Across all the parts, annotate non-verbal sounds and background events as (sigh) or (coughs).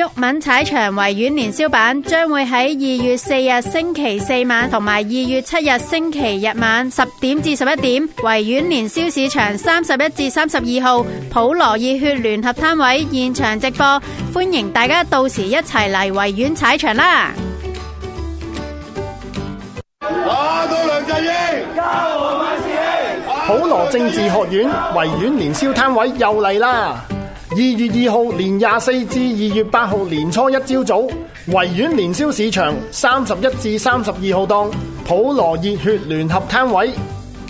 毓民踩場維園年宵版將會喺二月四日星期四晚，同埋二月七日星期日晚十點至十一點，維園年宵市場三十一至三十二號普羅熱血聯合攤位現場直播，歡迎大家到時一齊嚟維園踩場啦！普羅政治學院維園年宵攤位又嚟啦！二月二號年廿四至二月八號年初一朝早，早，維園年宵市場三十一至三十二號檔普羅熱血聯合攤位，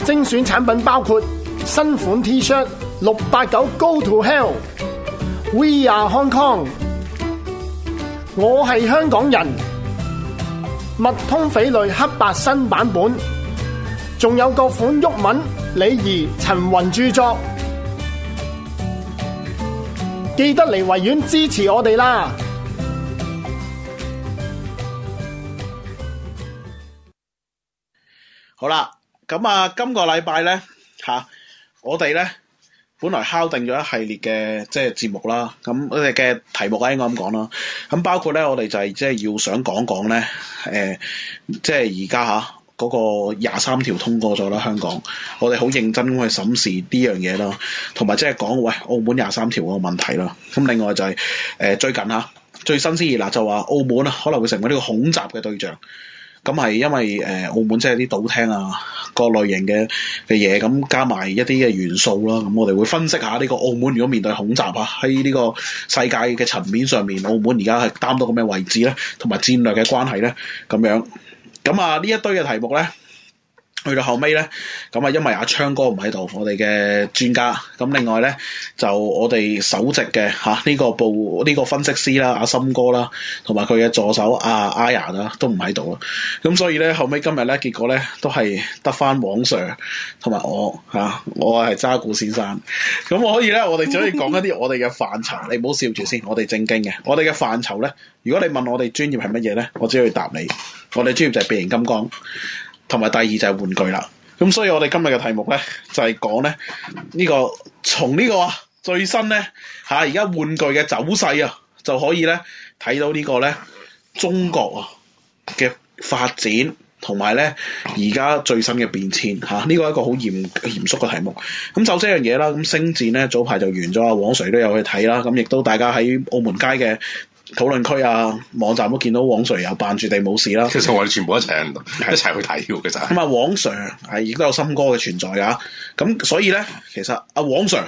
精選產品包括新款 T-shirt 六八九 Go to Hell，We are Hong Kong，我係香港人，麥通翡類黑白新版本，仲有各款毓民、李怡、陳雲著作。記得嚟維園支持我哋啦！好啦，咁啊，今個禮拜咧吓，我哋咧本來敲定咗一系列嘅即係節目啦。咁我哋嘅題目咧應該咁講啦。咁包括咧，我哋就係即係要想講講咧，誒、呃，即係而家吓。啊嗰個廿三條通過咗啦，香港，我哋好認真去審視呢樣嘢咯，同埋即係講喂，澳門廿三條個問題啦。咁另外就係、是、誒、呃、最近吓最新鮮熱辣就話澳門啊可能會成為呢個恐襲嘅對象。咁係因為誒、呃、澳門即係啲賭廳啊各類型嘅嘅嘢，咁加埋一啲嘅元素啦。咁我哋會分析下呢個澳門如果面對恐襲啊，喺呢個世界嘅層面上面，澳門而家係擔到個咩位置咧，同埋戰略嘅關係咧，咁樣。咁啊，呢一堆嘅題目咧。去到後尾咧，咁啊，因為阿昌哥唔喺度，我哋嘅專家，咁另外咧就我哋首席嘅吓，呢、啊呢個部呢、呢個分析師啦，阿、啊、心哥啦，同埋佢嘅助手阿 Ira 啦，都唔喺度啦。咁、啊、所以咧後尾今日咧結果咧都係得翻黃 Sir 同埋我嚇、啊，我係渣古先生。咁、啊、我可以咧，我哋只可以講一啲我哋嘅範疇， (laughs) 你唔好笑住先，我哋正經嘅。我哋嘅範疇咧，如果你問我哋專業係乜嘢咧，我只可以答你，我哋專業就係變形金剛。同埋第二就係玩具啦，咁所以我哋今日嘅題目咧就係、是、講咧呢、這個從呢個最新咧嚇而家玩具嘅走勢啊，就可以咧睇到個呢個咧中國嘅發展同埋咧而家最新嘅變遷嚇，呢、啊、個係一個好嚴嚴肅嘅題目。咁就呢樣嘢啦，咁星戰咧早排就完咗，黃 Sir 都有去睇啦，咁亦都大家喺澳門街嘅。討論區啊，網站都見到黃 Sir 又扮住地冇事啦，其實我哋全部一齊 (laughs) 一齊去睇嘅咋。咁啊，黃 Sir 係亦都有新歌嘅存在㗎，咁所以咧，其實啊，黃 Sir。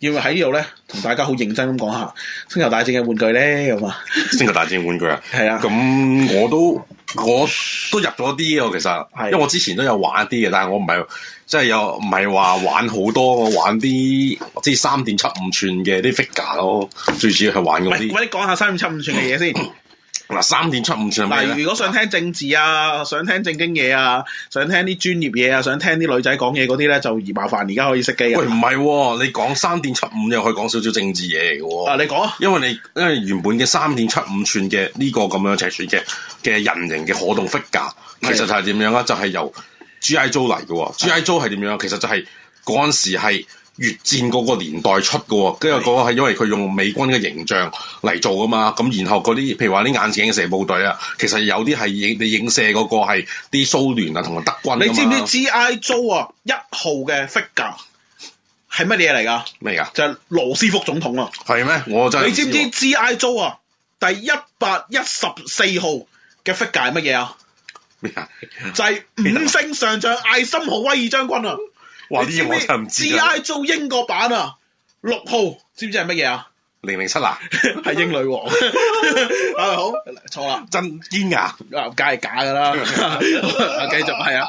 要唔要喺呢度咧，同大家好認真咁講下星球大戰嘅玩具咧，咁啊？星球大戰玩，玩具啊？係 (laughs) 是啊。咁我都我都入咗啲喎，其實，係。是的 因為我之前都有玩啲嘅，但係我唔係即係有，唔係話玩好多，我玩啲即係三點七五寸嘅啲 figure 咯，最主要係玩嗰啲。喂，你講下三點七五寸嘅嘢先。 (coughs) 嗱三點七五寸嗱、吋，如果想聽政治啊，想聽正經嘢啊，想聽啲專業嘢啊，想聽啲女仔講嘢嗰啲咧，就而麻煩而家可以熄機。喂，唔係，啊，你講三點七五又可以講少少政治嘢嚟嘅。啊，你講，因為你因為原本嘅三點七五寸嘅呢個咁樣尺寸嘅嘅人形嘅可動 figure，其實係點樣啊？的就係由 G.I. Joe 嚟嘅。的 G.I. Joe 係點樣？其實就係嗰陣時係。越戰嗰個年代出嘅，跟住嗰個係因為佢用美軍嘅形象嚟做㗎嘛，咁然後嗰啲，譬如話啲眼前嘅射部隊啊，其實有啲係影你影射嗰個係啲蘇聯啊同埋德軍。你知唔知 G I Joe 啊，一號嘅 figure 係乜嘢嚟㗎？咩啊？就係羅斯福總統啊！係咩？我就係你知唔知 G I Joe 啊？第一百一十四號嘅 figure 係乜嘢啊？咩啊？就係五星上將艾森豪威爾將軍啊！哇！呢啲我就唔知。GI 做英國版啊，六號知唔知係乜嘢啊？零零七啊，係 (laughs) 英女王。啊 (laughs) 好，錯啦，真堅牙梗假係假㗎啦。繼續係啊，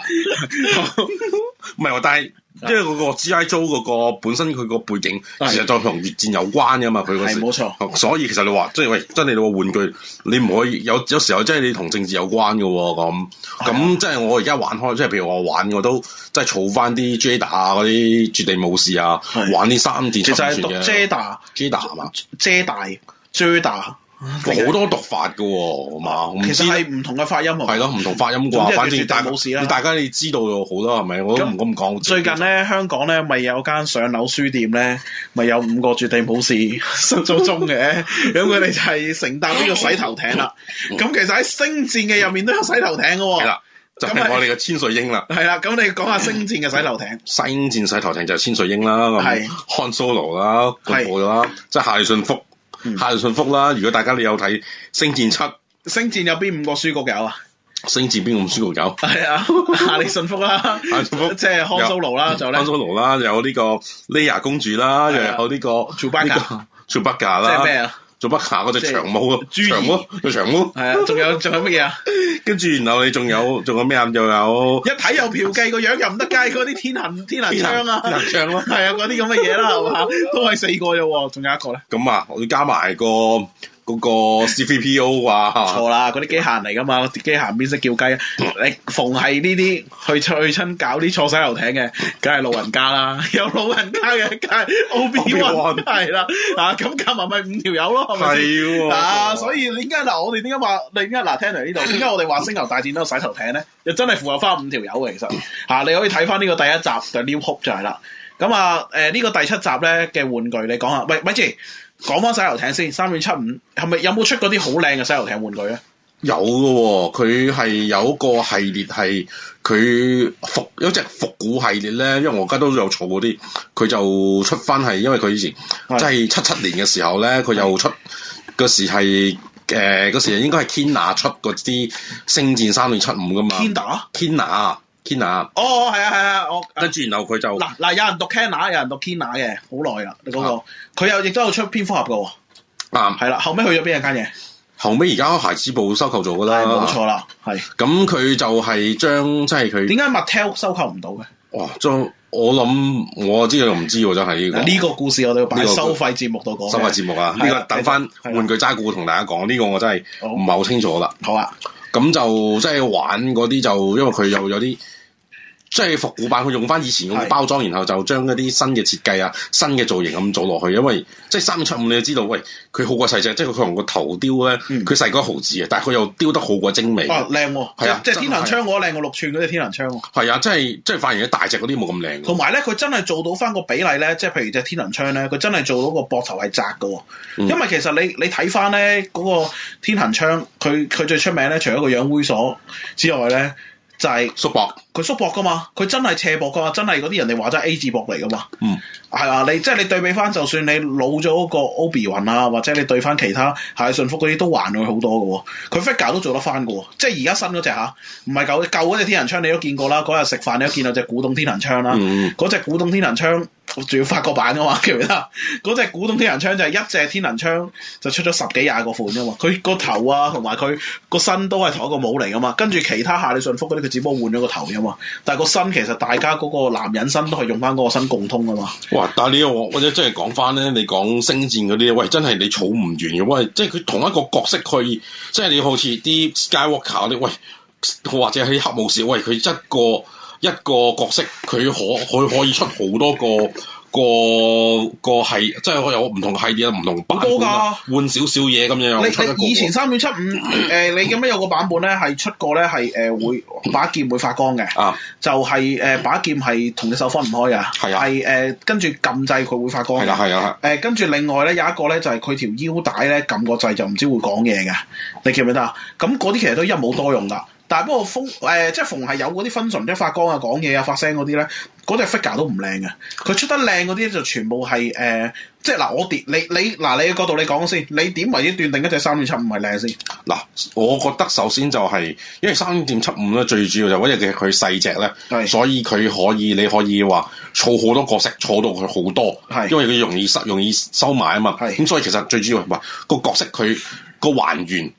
唔係喎，但係。因為嗰個 G.I. Joe 嗰個本身佢個背景，其實就同越戰有關嘅嘛，佢嗰的時冇錯。所以其實你話，即係喂，即係你話玩具，你唔可以有有時候即係你同政治有關嘅喎咁。咁、啊、即係我而家玩開，即係譬如我玩我都即係儲翻啲 Jada 嗰啲絕地武士啊，的玩呢三 D 三其實係讀 Jada，Jada 係嘛？Jada，Jada。Jada, Jada, 好多讀法嘅喎，嘛，我唔知。其實係唔同嘅發音，係咯，唔同發音啩，反正但係冇事啦。大家你知道好多係咪？我都唔敢講。最近咧，香港咧，咪有間上樓書店咧，咪有五個絕地武士失咗蹤嘅，咁佢哋就係承擔呢個洗頭艇啦。咁其實喺星戰嘅入面都有洗頭艇嘅。係啦，就係我哋嘅千歲英啦。係啦，咁你講下星戰嘅洗頭艇。星戰洗頭艇就係千歲英啦，漢 Solo 啦，嗰個啦，即係夏里遜福。夏利信福啦！如果大家你有睇《星戰七》，星戰有邊五個主角有啊？星戰邊五主角有？係 (laughs) 啊，夏利信福啦！即係康蘇魯啦，仲咧有呢康蘇魯啦，有呢個 Leia 公主啦，又有呢個 Chewbacca，Chewbacca 啦。即做北下嗰隻長毛啊，長毛，做長毛。係啊，仲有仲有乜嘢啊？ (laughs) 跟住然後你仲有仲有咩啊？又有。 (laughs) 有有一睇又嫖妓，個 (laughs) 樣又唔得街，嗰啲天行天行、啊、天行槍啊。天槍咯。係啊，嗰啲咁嘅嘢啦，係嘛，都係四個啫喎，仲有一個咧。咁啊，我要加埋個。個 CPU 啊，錯 (laughs) 啦，嗰啲機械嚟噶嘛，機械邊識叫雞啊？ (laughs) 你逢係呢啲去去親搞啲錯洗遊艇嘅，梗係老人家啦。 (laughs) 有老人家嘅梗係 Obi-Wan 係啦。嗱、啊、咁加埋咪五條友咯，係咪先？係、哦、啊，所以點解嗱我哋點解話你點解嗱聽嚟呢度？點解我哋話星球大戰都洗頭艇咧？又真係符合翻五條友嘅，其實嚇、啊，你可以睇翻呢個第一集 New Hope 就 New Hope 就係啦。咁啊誒呢、啊呢個第七集咧嘅玩具你講下，喂咪住！講翻西游艇先，三月七五係咪，有冇出嗰啲好靚嘅西游艇玩具咧？有嘅喎、哦，佢係有個系列係佢復，因隻復古系列咧，因為我家都有儲嗰啲，佢就出翻係，因為佢以前即係七七年嘅時候咧，佢又出嗰是時係誒，嗰時應該係 Kenner 出嗰啲星戰三月七五噶嘛。Kenner Kenner k e 哦，係啊，係啊，我跟住然後佢就嗱嗱，有人讀 c a n a 有人讀 c a n a 嘅，好耐啦，你嗰個佢又亦都有出蝙蝠合嘅喎。嗱，係啦，後尾去咗邊間嘢？後尾而家孩子部收購做噶啦，冇錯啦，係。咁佢就係將即係佢點解 Mattel 收購唔到嘅？哇！將我諗我知又唔知喎，真係呢個故事我哋要擺收費節目度講。收費節目啊！呢個等翻玩具揸股同大家講，呢個我真係唔係好清楚啦。好啊。咁就即係、就是、玩嗰啲就，因為佢又有啲。即係復古版，佢用翻以前用嘅包裝，是然後就將一啲新嘅設計啊、新嘅造型咁做落去。因為即係三七五，就是、3, 5, 5, 你就知道，喂，佢好過細隻，即係佢同個頭雕咧，佢細過毫子啊，但係佢又雕得好過精美。哦，靚係啊，即係天行槍，我靚過六寸嗰隻天行槍。係啊，啊即係即係，發現咗大隻嗰啲冇咁靚。同埋咧，佢真係做到翻個比例咧，即係譬如隻天行槍咧，佢真係做到個膊頭係窄噶，嗯、因為其實你你睇翻咧嗰個天行槍，佢佢最出名咧，除咗個樣猥瑣之外咧，就係、是、縮膊。佢縮薄噶嘛？佢真係斜薄噶，真係嗰啲人哋話齋 A 字薄嚟噶嘛？嗯，係啊，你即係、就是、你對比翻，就算你老咗嗰個 Obi-Wan 啊，或者你對翻其他夏利順福嗰啲，都還佢好多噶。佢 figure 都做得翻噶，即係而家新嗰隻嚇，唔、啊、係舊舊嗰隻天人槍，你都見過啦。嗰日食飯你都見到隻古董天人槍啦。嗰隻、嗯、古董天人槍仲要發個版噶嘛？記唔記得？嗰隻 (laughs) 古董天人槍就係一隻天人槍就出咗十幾廿個款噶嘛。佢個頭啊，同埋佢個身都係同一個帽嚟噶嘛。跟住其他夏利順福嗰啲，佢只不過換咗個頭但係個心其實大家嗰個男人心都係用翻嗰個心共通噶嘛。哇！但呢你我者真係講翻咧，你講星戰嗰啲，喂，真係你儲唔完嘅。喂，即係佢同一個角色去，佢即係你好似啲 Skywalker 咧，喂，或者喺黑武士，喂，佢一個一個角色，佢可佢可以出好多個。個個係即係我有唔同嘅系列、唔同版本啦，換少少嘢咁樣。小小你你以前三點七五誒，你咁樣有個版本咧係出過咧係誒，會把劍會發光嘅啊、就係，就係誒把劍係同隻手分唔開嘅，係是啊，係誒跟住撳掣佢會發光嘅，係啊係啊係，跟住另外咧有一個咧就係佢條腰帶咧撳個掣就唔知會講嘢嘅，你記唔記得啊？咁嗰啲其實都一冇多用噶。但係不過逢誒、呃、即係逢係有嗰啲分 u 即 c 發光啊講嘢啊發聲嗰啲咧，嗰、那、隻、個、figure 都唔靚嘅。佢出得靚嗰啲就全部係誒、呃，即係嗱、啊、我跌你你嗱、啊、你嗰度你講先，你點為之斷定一隻三點七五係靚先？嗱，我覺得首先就係、是、因為三點七五咧最主要就嗰隻嘢佢細隻咧，是所以佢可以你可以話儲好多角色儲到佢好多，因為佢容，容易收容易收埋啊嘛。咁是所以其實最主要唔、就、係、是、個角色佢個還原。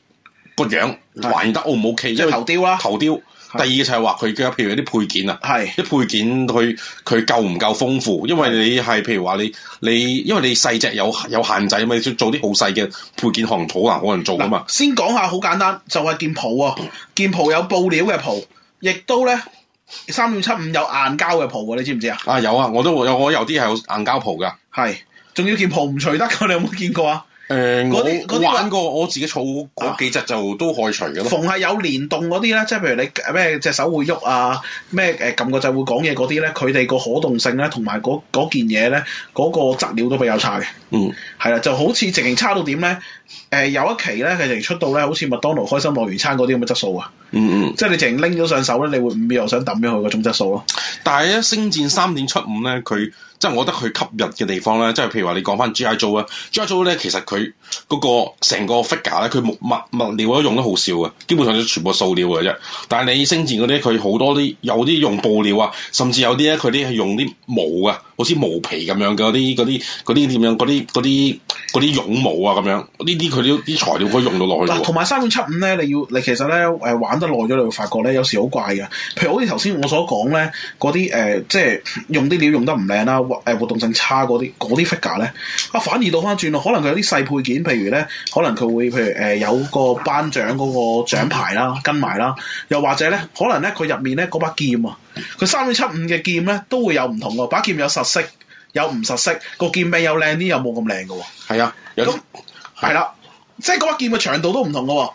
個樣畫得 O 唔 O K？即係頭雕啦，頭雕。的第二就係話佢嘅，譬如有啲配件啊，啲的配件佢佢夠唔夠豐富？的因為你係譬如話你你，因為你細隻有有限制啊嘛，你做啲好細嘅配件可能好難好做啊嘛。先講下好簡單，就係、是、件袍啊！件袍有布料嘅袍，亦都咧三點七五有硬膠嘅袍，你知唔知啊？啊有啊！我都有我有啲係硬膠袍噶。係，仲要件袍唔除得，你有冇見過啊？誒，呃、些我玩過，我自己儲嗰、啊、幾隻就都可以除嘅咯。逢係有連動嗰啲咧，即係譬如你咩隻手會喐啊，咩誒撳個掣會講嘢嗰啲咧，佢哋個可動性咧，同埋嗰件嘢咧，嗰、嗰個質料都比較差嘅。嗯，係啦，就好似直情差到點咧？誒、呃，有一期咧，佢直情出到咧，好似麥當勞開心樂園餐嗰啲咁嘅質素啊！嗯嗯，即係你淨拎咗上手咧，你會唔會又想揼咗佢個種質素咯？但係一星戰三點七五咧，佢即係我覺得佢吸引嘅地方咧，即係譬如話你講翻 G.I. Joe 啊，G.I. Joe 咧其實佢嗰個成個 figure 咧，佢物物料都用得好少嘅，基本上都全部塑料嘅啫。但係你星戰嗰啲佢好多啲有啲用布料啊，甚至有啲咧佢啲係用啲毛啊。好似毛皮咁樣嘅嗰啲、嗰啲、嗰啲點樣、嗰啲、嗰啲、嗰啲絨毛啊咁樣，呢啲佢啲啲材料可以用到落去。同埋三點七五咧，你要你其實咧誒玩得耐咗，你會發覺咧有時好怪嘅。譬如好似頭先我所講咧，嗰啲誒即係用啲料用得唔靚啦，誒活動性差嗰啲嗰啲 figure 咧啊，反而倒翻轉咯。可能佢有啲細配件，譬如咧，可能佢會譬如誒有個頒獎嗰個獎牌啦，跟埋啦，又或者咧，可能咧佢入面咧嗰把劍啊。佢三點七五嘅劍咧，都會有唔同喎。把劍有實色，有唔實色，個劍柄有靚啲、哦啊，有冇咁靚嘅係係啊，咁係啦，即、就、係、是、個把劍嘅長度都唔同嘅喎。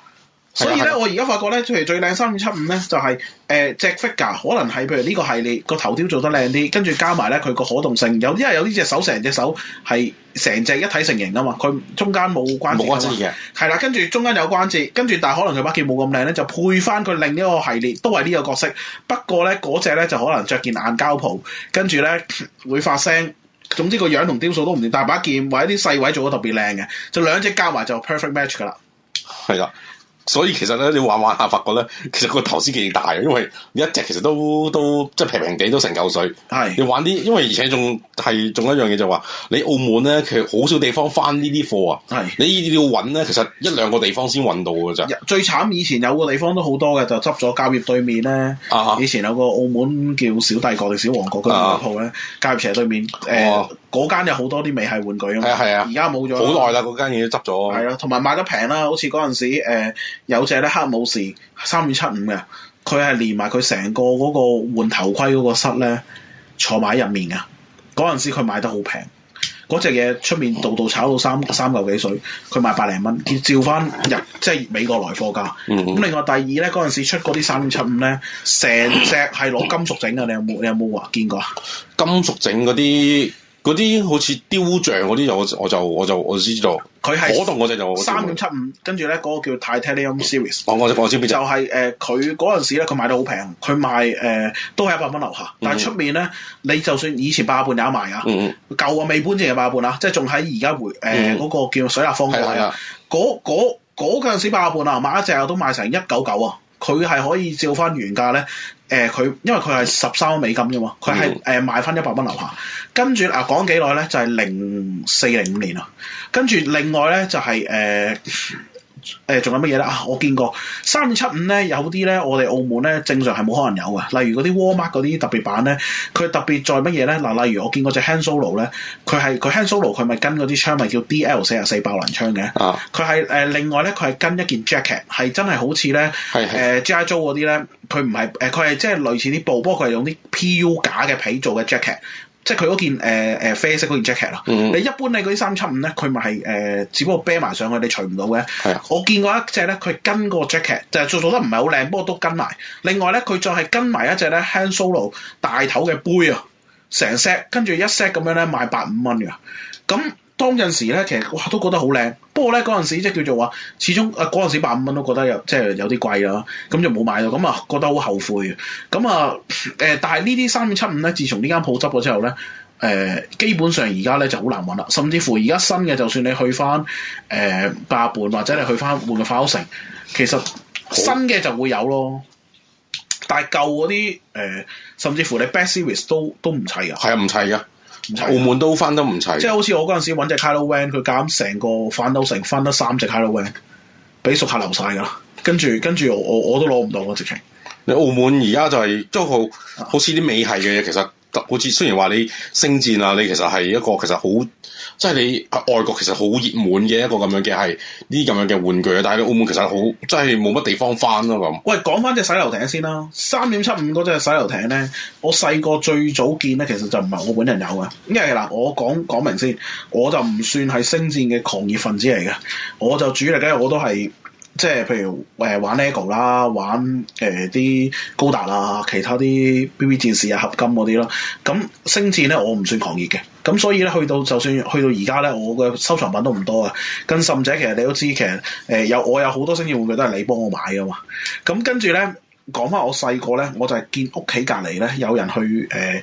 所以咧，我而家發覺咧、就係，呃、譬如最靚三點七五咧，就係誒隻 figure 可能係譬如呢個系列個頭雕做得靚啲，跟住加埋咧佢個可動性。因為有啲係有呢隻手，成隻手係成隻一體成型啊嘛，佢中間冇關節。冇關節嘅，係啦，跟住中間有關節，跟住但係可能佢把劍冇咁靚咧，就配翻佢另一個系列，都係呢個角色。不過咧，嗰隻咧就可能着件硬膠袍，跟住咧會發聲。總之個樣同雕塑都唔掂，但把劍或者啲細位做得特別靚嘅，就兩隻加埋就 perfect match 㗎啦。係㗎。所以其實咧，你玩玩下，發覺咧，其實個投資幾大，因為你一隻其實都都即係、就是、平平地都成嚿水。係是你玩啲，因為而且仲係仲一樣嘢就話，你澳門咧，其實好少地方翻呢啲貨啊。係是你呢啲要揾咧，其實一兩個地方先揾到㗎咋。最慘以前有個地方都好多嘅，就執咗交易對面咧。Uh, 以前有個澳門叫小帝國定小王國嗰啲鋪咧，交易斜對面誒嗰、uh, 呃嗯、間有好多啲美式玩具啊，係、嗯、 (laughs) 啊，而家冇咗。好耐啦，嗰間嘢都執咗。係啊，同埋賣得平啦，好似嗰陣時有隻咧黑武士三點七五嘅，佢係連埋佢成個嗰個換頭盔嗰個室咧坐埋入面嘅。嗰陣時佢買得好平，嗰隻嘢出面度度炒到三三嚿幾水，佢賣百零蚊。照翻入即係美國來貨價。咁、嗯嗯、另外第二咧，嗰陣時出嗰啲三點七五咧，成隻係攞金屬整嘅，你有冇你有冇話見過啊？金屬整嗰啲。嗰啲好似雕像嗰啲就我就我就我先知道，嗰棟嗰隻就三點七五，跟住咧嗰個叫 Titanium Series，我我、哦、我知就係誒佢嗰陣時咧佢賣得好平，佢賣誒都係一百蚊樓下，但係出面咧你就算以前八佰伴有得賣啊，嗯嗯舊啊未搬之前八佰伴啊，即係仲喺而家回誒嗰、呃嗰個叫水立方嗰度，嗰嗰嗰陣時八佰伴啊，買一隻都賣成一九九啊，佢係可以照翻原價咧。誒，佢、呃、因為佢係十三蚊美金啫嘛，佢係誒賣翻一百蚊樓下，跟住啊講幾耐咧就係零四零五年啦，跟住另外咧就係、是、誒。呃 (laughs) 誒仲、呃、有乜嘢咧？啊，我見過三點七五咧，有啲咧，我哋澳門咧正常係冇可能有嘅。例如嗰啲 Walmart 嗰啲特別版咧，佢特別在乜嘢咧？嗱、呃，例如我見嗰隻 Han Solo 咧，佢係佢 Han Solo 佢咪跟嗰啲槍咪叫 DL 四十四爆能槍嘅。啊！佢係誒另外咧，佢係跟一件 jacket 係真係好似咧誒 G I Joe 嗰啲咧，佢唔係誒佢係即係類似啲布，不過佢係用啲 PU 假嘅皮做嘅 jacket。即係佢嗰件誒誒、呃呃、啡色嗰件 jacket 咯、mm，hmm。你一般你嗰啲三七五咧，佢咪係誒，只不過啤埋上去你除唔到嘅。的我見過一隻咧，佢跟個 jacket，就係做做得唔係好靚，不過都跟埋。另外咧，佢再係跟埋一隻咧 Han Solo 大頭嘅杯啊，成 set 跟住一 set 咁樣咧賣八五蚊嘅。咁。當陣時咧，其實哇都覺得好靚，不過咧嗰陣時即係叫做話，始終啊嗰陣時百五蚊都覺得有即係有啲貴啦，咁就冇買咯。咁啊覺得好後悔。咁啊誒、呃，但係呢啲三點七五咧，自從呢間鋪執咗之後咧，誒、呃、基本上而家咧就好難揾啦。甚至乎而家新嘅，就算你去翻誒八佰伴或者你去翻換個化好城，其實新嘅就會有咯。但係舊嗰啲誒，甚至乎你 Best Series 都都唔齊噶。係啊，唔齊嘅。澳門都分得唔齊，即係好似我嗰陣時揾隻 Kylo Ren，佢減成個反斗城分得三隻 Kylo Ren，俾熟客留曬㗎，跟住跟住我我，我都攞唔到喎直情。你澳門而家就係、是、都好，好似啲美系嘅嘢，其實好似雖然話你星戰啊，你其實係一個其實好。即係你外國其實好熱門嘅一個咁樣嘅係呢啲咁樣嘅玩具啊，但係你澳門其實好即係冇乜地方翻咯咁。喂，講翻隻洗流艇先啦，三點七五嗰隻洗流艇咧，我細個最早見咧，其實就唔係我本人有嘅，因為嗱我講講明先，我就唔算係星戰嘅狂熱分子嚟嘅，我就主力咧我都係。即係譬如誒、呃、玩 LEGO 啦，玩誒啲高達啊，其他啲 BB 戰士啊、合金嗰啲咯。咁星戰咧，我唔算狂熱嘅。咁所以咧，去到就算去到而家咧，我嘅收藏品都唔多啊。更甚者，其實你都知，其實誒、呃、有我有好多星戰玩具都係你幫我買嘅嘛。咁跟住咧，講翻我細個咧，我就係見屋企隔離咧有人去誒、呃、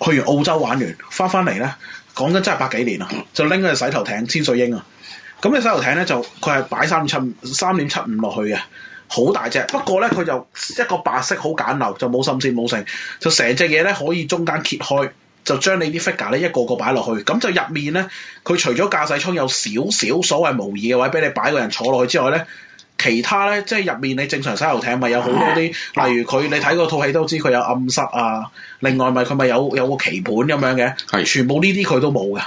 去完澳洲玩完，翻翻嚟咧，講緊真係百幾年啊，就拎嗰去洗頭艇千歲鷹啊！咁你洗遊艇咧，就佢係擺三點七五三點七五落去嘅，好大隻。不過咧，佢就一個白色好簡陋，就冇心思冇成，就成隻嘢咧，可以中間揭開，就將你啲 figure 咧，一個個擺落去。咁就入面咧，佢除咗駕駛艙有少少所謂模擬嘅位俾你擺個人坐落去之外咧，其他咧即係入面你正常洗遊艇咪有好多啲，啊、例如佢、啊、你睇個套戲都知佢有暗室啊。另外咪佢咪有有個棋盤咁樣嘅，係的全部呢啲佢都冇嘅。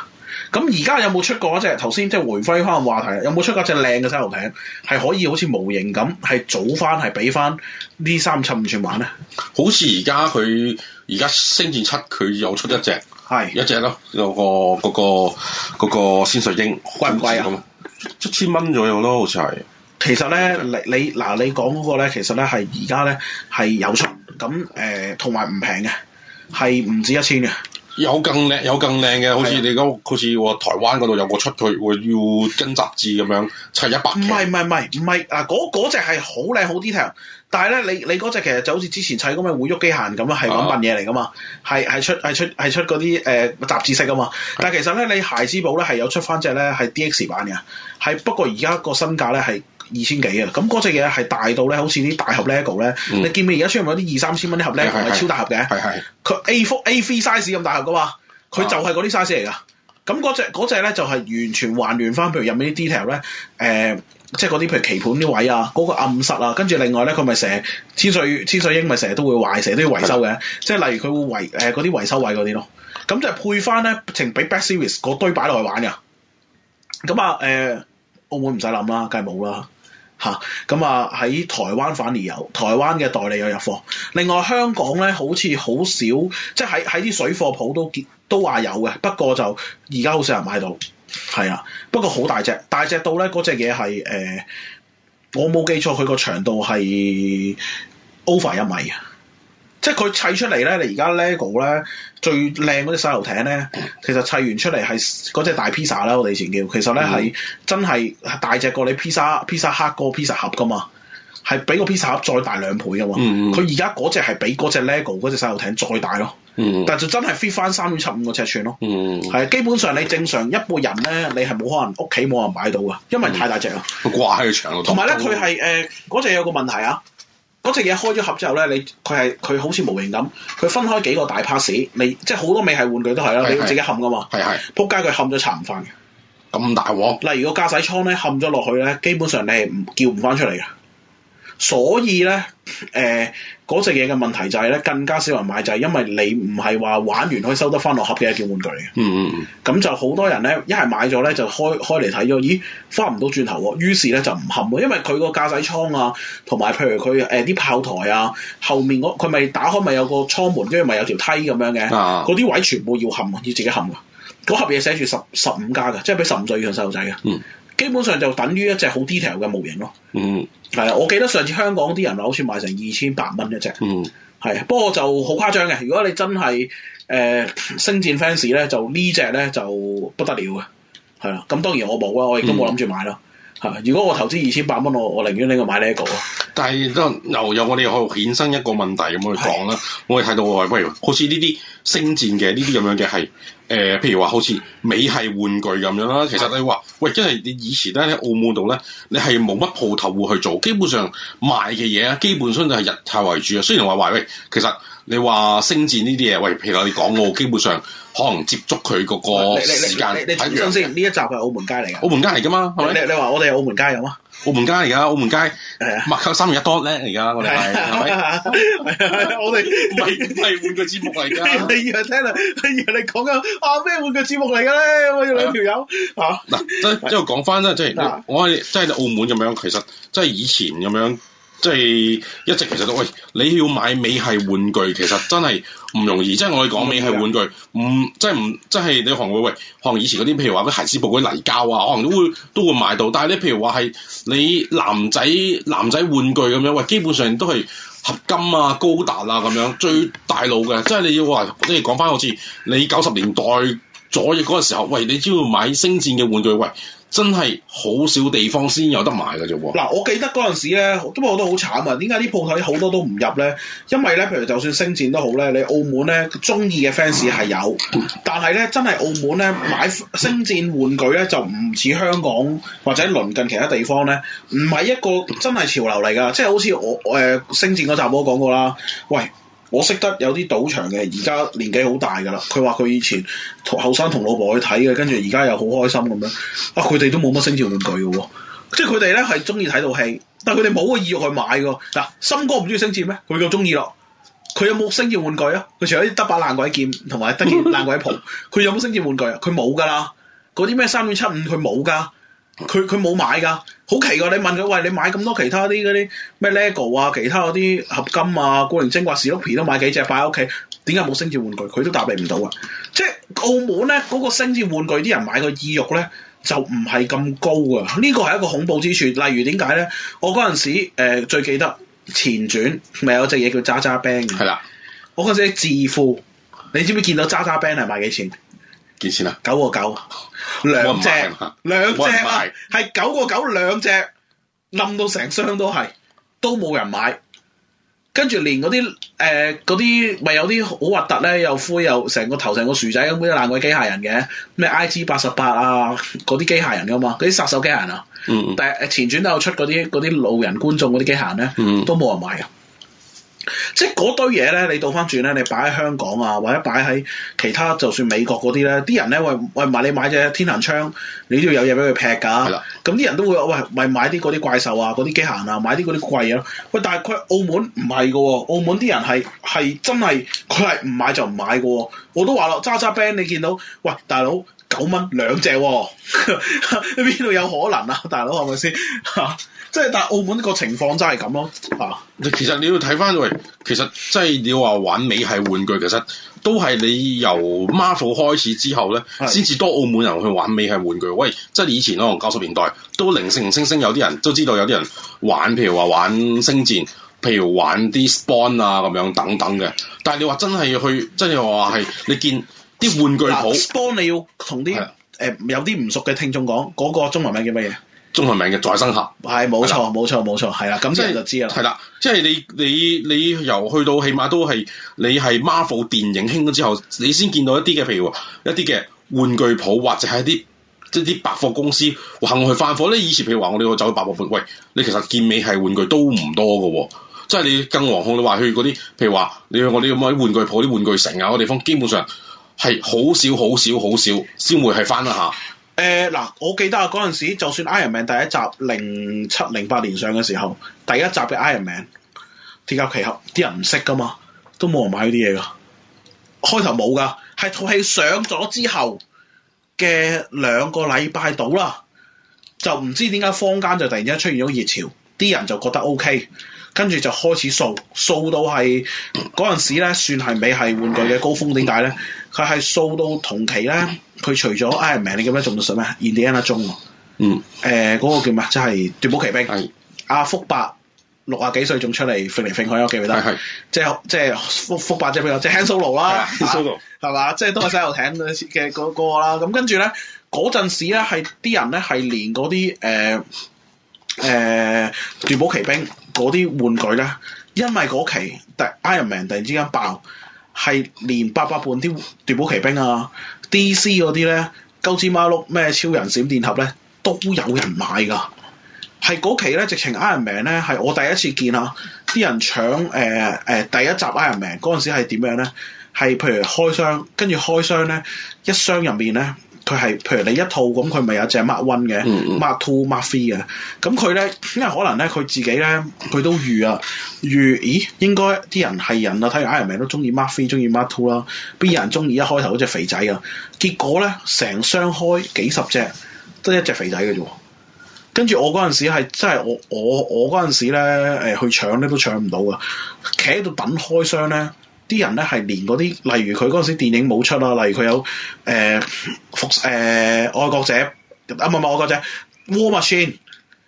咁而家有冇出過一隻頭先即係回歸返個話題？有冇出過一隻靚嘅細路艇，係可以好似模型咁係早翻係俾翻呢三七五寸玩咧？好似而家佢而家星戰七佢有出一隻，係是一隻咯，有、嗰個嗰、嗰個嗰個仙水晶，鋒，貴唔貴啊？一千蚊左右咯，好似係。其實咧，你你嗱，你講嗰個咧，其實咧係而家咧係有出，咁誒同埋唔平嘅，係、呃、唔止一千嘅。有更靚，有更靚嘅，好似、啊、你講，好似台灣嗰度有個出佢，會要跟雜誌咁樣砌一百。唔係唔係唔係，唔係啊！嗰嗰隻係好靚好 detail，但係咧你你嗰隻其實就好似之前砌嗰咩會喐機械咁啊，係揾笨嘢嚟噶嘛，係係出係出係出嗰啲誒雜誌式啊嘛，啊但係其實咧你孩之寶咧係有出翻隻咧係 DX 版嘅，係不過而家個身價咧係。二千幾嘅，咁嗰隻嘢係大到咧，好似啲大盒 LEGO 咧、嗯。你見唔見而家出現嗰啲二三千蚊啲盒 LEGO 係超大盒嘅，係係佢 A 幅 A4, A3 size 咁大盒嘅嘛？佢就係嗰啲 size 嚟㗎。咁嗰隻嗰隻咧就係完全還原翻，譬如入面啲 detail 咧，誒、呃，即係嗰啲譬如棋盤啲位啊，嗰、嗰個暗室啊，跟住另外咧佢咪成日千歲千歲鷹咪成日都會壞，成日都要維修嘅。的即係例如佢會維誒嗰啲維修位嗰啲咯。咁、嗯、就係配翻咧，情比 Best Series 嗰堆擺落去玩㗎。咁啊誒，澳門唔使諗啦，梗係冇啦。嚇，咁啊喺台灣反而有，台灣嘅代理有入貨。另外香港咧，好似好少，即係喺喺啲水貨鋪都都話有嘅。不過就而家好少人買到，係啊。不過好大隻，大隻到咧，嗰隻嘢係誒，我冇記錯，佢個長度係 over 一米啊，即係佢砌出嚟咧，你而家 LEGO 咧。最靚嗰隻細油艇咧，其實砌完出嚟係嗰隻大披薩啦，我哋以前叫。其實咧係、嗯、真係大隻過你披薩披薩盒，個披薩盒噶嘛，係比個披薩盒再大兩倍噶嘛。佢而家嗰隻係比嗰隻 LEGO 嗰隻細油艇再大咯，嗯、但係就真係 fit 翻三點七五個尺寸咯。係、嗯、基本上你正常一個人咧，你係冇可能屋企冇人買到㗎，因為太大隻啊。掛喺、嗯呃嗰個牆度。同埋咧，佢係誒嗰隻有個問題啊。嗰隻嘢開咗盒之後咧，你佢係佢好似模型咁，佢分開幾個大 pass，你即係好多未係玩具都係啦，是是你要自己冚噶嘛，係係是，撲街佢冚咗拆唔翻嘅，咁大鑊。例如個駕駛艙咧，冚咗落去咧，基本上你係唔叫唔翻出嚟嘅。所以咧，誒、呃、嗰隻嘢嘅問題就係、是、咧，更加少人買，就係、是、因為你唔係話玩完可以收得翻落盒嘅一件玩具嘅。嗯嗯。咁就好多人咧，一係買咗咧就開開嚟睇咗，咦，翻唔到轉頭喎。於是咧就唔冚喎，因為佢個駕駛艙啊，同埋譬如佢誒啲炮台啊，後面佢咪打開咪有個艙門，跟住咪有條梯咁樣嘅。嗰啲、啊、位全部要冚，要自己冚㗎。嗰盒嘢寫住十「十五家」㗎，即係俾十五歲以上細路仔嘅。嗯。基本上就等於一隻好 detail 嘅模型咯。嗯，係啊，我記得上次香港啲人好似賣成二千八蚊一隻。嗯，係，不過就好誇張嘅。如果你真係誒、呃、星戰 fans 咧，就呢隻咧就不得了嘅，係啊，咁當然我冇啊，我亦都冇諗住買咯。嗯。係，如果我投資二千八蚊，我我寧願拎去買呢、這、一個。但係都又有我哋可以衍生一個問題咁去講啦。我哋睇 (laughs) 到我話，喂，好似呢啲星戰嘅呢啲咁樣嘅係誒，譬如話好似美系玩具咁樣啦。其實你話喂，真係你以前咧喺澳門度咧，你係冇乜鋪頭會去做，基本上賣嘅嘢啊，基本上就係日泰為主啊。雖然話話喂，其實。你話星戰呢啲嘢，喂，譬如我哋港澳基本上可能接觸佢嗰個時間一先。呢 (laughs) 一集係澳門街嚟㗎。澳門街嚟㗎嘛，係咪？你話我哋係澳門街有啊？澳門街而家澳門街，唔係三元一多咧，而家我哋係係咪？係係，我哋唔係唔係換個節目嚟㗎。係 (laughs) 啊，聽啦，係啊，你講緊啊咩換個節目嚟㗎咧？我啊，兩條友嚇嗱，即 (laughs) 即係講翻啦，即係我係即係澳門咁樣，其實即係以前咁樣。即係、就是、一直其實都喂，你要買美系玩具其實真係唔容易。容易啊、即係我哋講美系玩具，唔即係唔即係你可能會喂，可能以前嗰啲譬如話嗰啲孩子部嗰啲泥膠啊，可能都會都會買到。但係你譬如話係你男仔男仔玩具咁樣，喂，基本上都係合金啊、高達啊咁樣，最大腦嘅。即係你要話，即係講返好似你九十年代左右嗰個時候，喂，你只要買星戰嘅玩具，喂，真係好少地方先有得買嘅啫喎！嗱，我記得嗰陣時咧，咁啊，我都好慘啊！點解啲鋪頭好多都唔入咧？因為咧，譬如就算星戰都好咧，你澳門咧中意嘅 fans 係有，但係咧真係澳門咧買星戰玩具咧就唔似香港或者鄰近其他地方咧，唔係一個真係潮流嚟㗎，即係好似我誒、呃、星戰嗰集我講過啦，喂。我識得有啲賭場嘅，而家年紀好大㗎啦。佢話佢以前同後生同老婆去睇嘅，跟住而家又好開心咁樣。啊，佢哋都冇乜星戰玩具嘅喎，即係佢哋咧係中意睇套戲，但係佢哋冇個意欲去買嘅。嗱、啊，心哥唔中意星戰咩？佢夠中意咯。佢有冇星戰玩具啊？佢除咗啲得把爛鬼劍同埋得件爛鬼袍，佢有冇星戰玩具啊？佢冇㗎啦。嗰啲咩三點七五佢冇㗎。佢佢冇買㗎，好奇怪。你問佢，喂，你買咁多其他啲嗰啲咩 LEGO 啊，其他嗰啲合金啊、固靈精或史酷皮都買幾隻擺喺屋企，點解冇星戰玩具？佢都答你唔到啊！即係澳門咧，嗰、那個星戰玩具啲人買嘅意欲咧就唔係咁高㗎。呢、這個係一個恐怖之處。例如點解咧？我嗰陣時、呃、最記得前傳咪、就是、有隻嘢叫渣渣 band 嘅，係啦的。我嗰陣時啲字庫，你知唔知見到渣渣 band 係賣幾錢？件先啊，九個九兩隻兩隻啊，係九個九兩隻，冧到成箱都係，都冇人買，跟住連嗰啲誒嗰啲咪有啲好核突咧，又灰又成個頭成個薯仔咁樣，爛鬼機械人嘅咩 IG 八十八啊，嗰啲機械人噶嘛，嗰啲殺手機械人啊，但係、嗯、前傳都有出嗰啲嗰啲路人觀眾嗰啲機械人咧，嗯、都冇人買嘅。即係嗰堆嘢咧，你倒翻轉咧，你擺喺香港啊，或者擺喺其他，就算美國嗰啲咧，啲人咧，喂喂，唔係你買隻天行槍，你都要有嘢俾佢劈㗎、啊。咁啲的人都會，喂，咪買啲嗰啲怪獸啊，嗰啲機械人啊，買啲嗰啲貴嘢、啊、咯。喂，但係佢澳門唔係㗎喎，澳門啲人係係真係佢係唔買就唔買㗎喎、哦。我都話喇，揸揸 band，你見到喂，大佬九蚊兩隻、哦，邊 (laughs) 度有可能啊？大佬係咪先？吓 (laughs) 即係，但係澳門呢個情況真係咁咯嚇。啊、其實你要睇翻喂，其實即係你話玩美系玩具，其實都係你由 Marvel 開始之後咧，先至的多澳門人去玩美系玩具。喂，即係以前咯，九、哦、十年代都零星星星有啲人都知道有啲人玩，譬如話玩星戰，譬如玩啲 Spawn 啊咁樣等等嘅。但係你話真係去，真係話係你見啲玩具鋪 Spawn 你要同啲誒有啲唔熟嘅聽眾講嗰、那個中文名叫乜嘢？中文名嘅再生俠，係冇錯冇錯冇錯，係啦，咁就知啦，係啦，即係你你你由去到起碼都係你係 Marvel 電影興咗之後，你先見到一啲嘅譬如話一啲嘅玩具鋪或者係一啲即係啲百貨公司行去翻貨咧，以前譬如話我哋去走去百貨鋪，喂，你其實見尾係玩具都唔多㗎喎，即係你更惶恐，你話去嗰啲譬如話你去我哋咁啊啲玩具鋪啲玩具城啊嗰地方，基本上係好少好少好少先會係翻一下。誒嗱、呃，我記得啊，嗰陣時就算 Iron Man 第一集零七零八年上嘅時候，第一集嘅 Iron Man 鐵甲奇俠，啲人唔識㗎嘛，都冇人買嗰啲嘢㗎。開頭冇㗎，係套戲上咗之後嘅兩個禮拜到啦，就唔知點解坊間就突然之間出現咗熱潮，啲人就覺得 OK。跟住就開始掃，掃到係嗰陣時咧，算係美係玩具嘅高峰。點解咧？佢係掃到同期咧，佢除咗唉唔明你咁樣仲到神咩 Indiana Jones 嗯，誒嗰個叫咩？即係奪寶奇兵。係阿福伯六啊幾歲仲出嚟揈嚟揈去，我記唔記得？係即係即係福福伯即係譬如，即係 Han Solo 啦，Han Solo 係嘛？即係都係西遊艇嘅嗰個啦。咁跟住咧，嗰陣時咧係啲人咧係連嗰啲誒誒奪寶奇兵。嗰啲玩具咧，因為嗰期第 Iron Man 突然之間爆，係連八佰伴啲奪寶奇兵啊、DC 嗰啲咧、鳩子 (noise) 馬碌咩超人閃電俠咧都有人買㗎，係嗰期咧直情 Iron Man 咧係我第一次見啊！啲人搶誒誒第一集 Iron Man 嗰陣時係點樣咧？係譬如開箱，跟住開箱咧，一箱入面咧。佢係譬如你一套咁，佢咪有隻 Mark One 嘅、mm hmm.，Mark Two、Mark Three 嘅。咁佢咧，因為可能咧，佢自己咧，佢都預啊，預咦，應該啲人係人啊，睇人名都中意 Mark Three，中意 Mark Two 啦。邊有人中意一開頭嗰隻肥仔啊？結果咧，成箱開幾十隻，得一隻肥仔嘅啫。跟住我嗰陣時係真係我我我嗰陣時咧，誒去搶咧都搶唔到嘅，企喺度等開箱咧。啲人咧係連嗰啲，例如佢嗰陣時電影冇出啦，例如佢有誒服誒愛國者啊，唔係唔係愛國者，War Machine，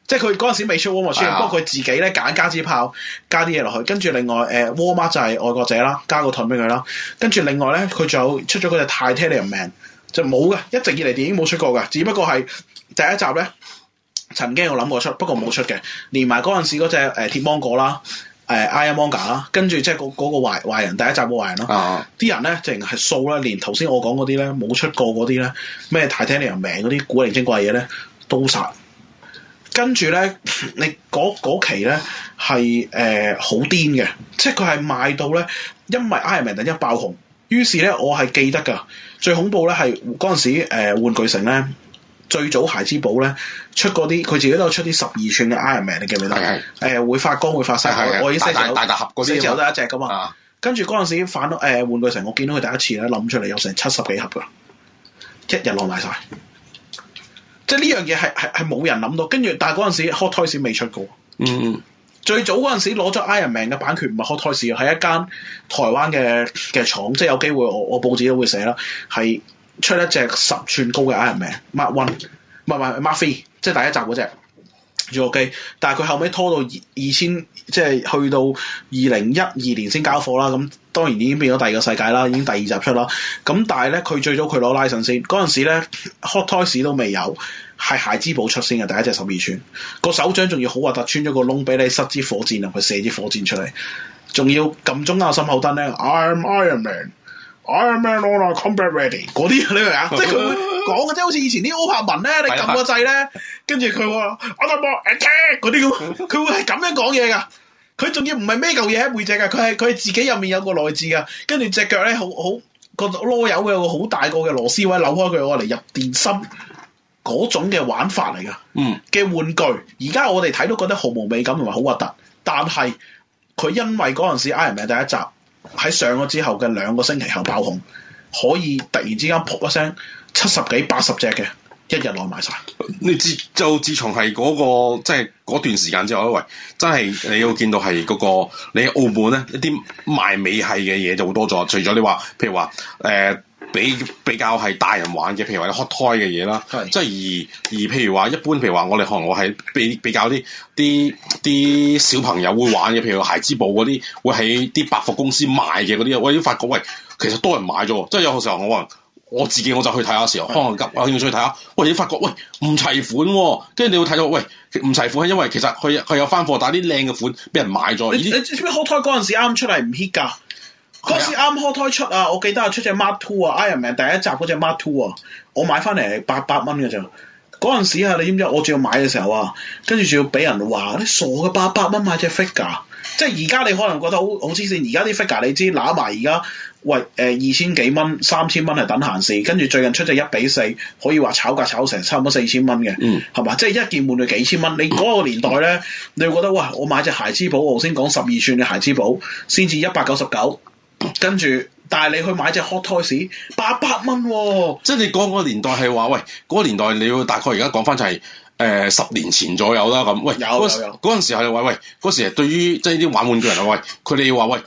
即係佢嗰陣時未出 War Machine，不過佢自己咧揀加支炮，加啲嘢落去，跟住另外誒 War Machine 就係愛國者啦，加個盾俾佢啦，跟住另外咧佢仲有出咗嗰隻 Titanium Man 就冇嘅，一直以嚟電影冇出過嘅，只不過係第一集咧曾經有諗過出，不過冇出嘅，連埋嗰陣時嗰隻誒鐵芒果啦。誒、uh, Iron Monger 啦，跟住即係嗰嗰個壞人，第一集個壞人咯，啲、uh huh. 人咧淨係掃啦，連頭先我講嗰啲咧冇出過嗰啲咧，咩 Titanium 名嗰啲古靈精怪嘢咧都殺，跟住咧你嗰期咧係誒好癲嘅，即係佢係賣到咧，因為 Iron Man 一爆紅，於是咧我係記得㗎，最恐怖咧係嗰陣時、呃、玩具城咧。最早孩之寶咧出嗰啲佢自己都有出啲十二寸嘅 Iron Man 你記唔記得？係係誒會發光會發晒，是是是我已經有四隻有得一隻噶嘛。啊、跟住嗰陣時反到誒、呃、玩具城，我見到佢第一次咧諗出嚟有成七十幾盒㗎，一日攞埋晒。即係呢樣嘢係係係冇人諗到，跟住但係嗰陣時 Hot Toys 未出過。嗯嗯，最早嗰陣時攞咗 Iron Man 嘅版權唔係 Hot Toys 係一間台灣嘅嘅廠，即係有機會我我報紙都會寫啦，係。出一隻十寸高嘅 Iron Man，Mark One，唔係唔係 Mark Three，即係第一集嗰隻 Jokey，但係佢後尾拖到二千，即係去到二零一二年先交貨啦。咁當然已經變咗第二個世界啦，已經第二集出啦。咁但係咧，佢最早佢攞拉神先，嗰陣時咧 Hot Toys 都未有，係孩之寶出先嘅第一隻十二寸，個手掌仲要好核突，穿咗個窿俾你塞支火箭入去射支火箭出嚟，仲要撳中間嘅心口燈咧，I am Iron Man。Iron Man Online Combat Ready 嗰啲，你明唔明啊？ (laughs) 即係佢講嘅，即係好似以前啲歐柏文咧， (laughs) 你撳個掣咧，跟住佢我得冇 attack 嗰啲咁，佢會係咁樣講嘢噶。佢仲要唔係咩舊嘢喺背脊噶，佢係佢自己入面有個內置噶，跟住隻腳咧好好，好個囉柚，有個好大個嘅螺絲位扭開佢，我嚟入電心嗰種嘅玩法嚟噶。嗯，嘅玩具而家我哋睇都覺得毫無美感同埋好核突，但係佢因為嗰陣時 Iron Man 第一集。喺上咗之後嘅兩個星期後爆紅，可以突然之間噗一聲七十幾八十隻嘅，一日內賣晒。你自就自從係嗰、那個即係嗰段時間之後咧，喂，真係你要見到係嗰、那個你喺澳門咧一啲賣美系嘅嘢就好多咗，除咗你話譬如話誒。呃比比較係大人玩嘅，譬如話 hot toy 嘅嘢啦，是 即係而而譬如話一般，譬如話我哋可能我係比比較啲啲啲小朋友會玩嘅，譬如話孩之寶嗰啲，會喺啲百貨公司賣嘅嗰啲，我已經發覺喂，其實多人買咗，即係有個時候我話我自己我就去睇下時候，Castle, 可能急我興趣去睇下，喂，已經發覺喂唔齊款，跟住你要睇到喂唔齊款係因為其實佢佢有翻貨，但係啲靚嘅款俾人買咗。你你知唔知 hot toy 嗰陣時啱出嚟唔 hit 㗎？嗰陣時啱開胎出啊！我記得啊，出隻 Mark Two 啊 Iron Man 第一集嗰隻 Mark Two 啊，我買翻嚟八百蚊嘅咋嗰陣時啊，你知唔知？我仲要買嘅時候啊，跟住仲要俾人話你傻嘅，八百蚊買隻 figure。即係而家你可能覺得好好黐線，而家啲 figure 你知拿埋而家喂誒二千幾蚊、三千蚊係等閒事。跟住最近出隻一比四，可以話炒價炒成差唔多四千蚊嘅，係嘛、嗯？即係一件換到幾千蚊。你嗰個年代咧，你會覺得哇！我買隻孩之寶，我先講十二寸嘅孩之寶，先至一百九十九。跟住，帶你去買隻 hot toys，八百蚊喎。即係你嗰個年代係話，喂，嗰個年代你要大概而家講翻就係，誒，十年前左右啦咁。喂，有有有。嗰陣時係，喂喂，嗰時係對於即係啲玩玩具人啊，喂，佢哋要話，喂。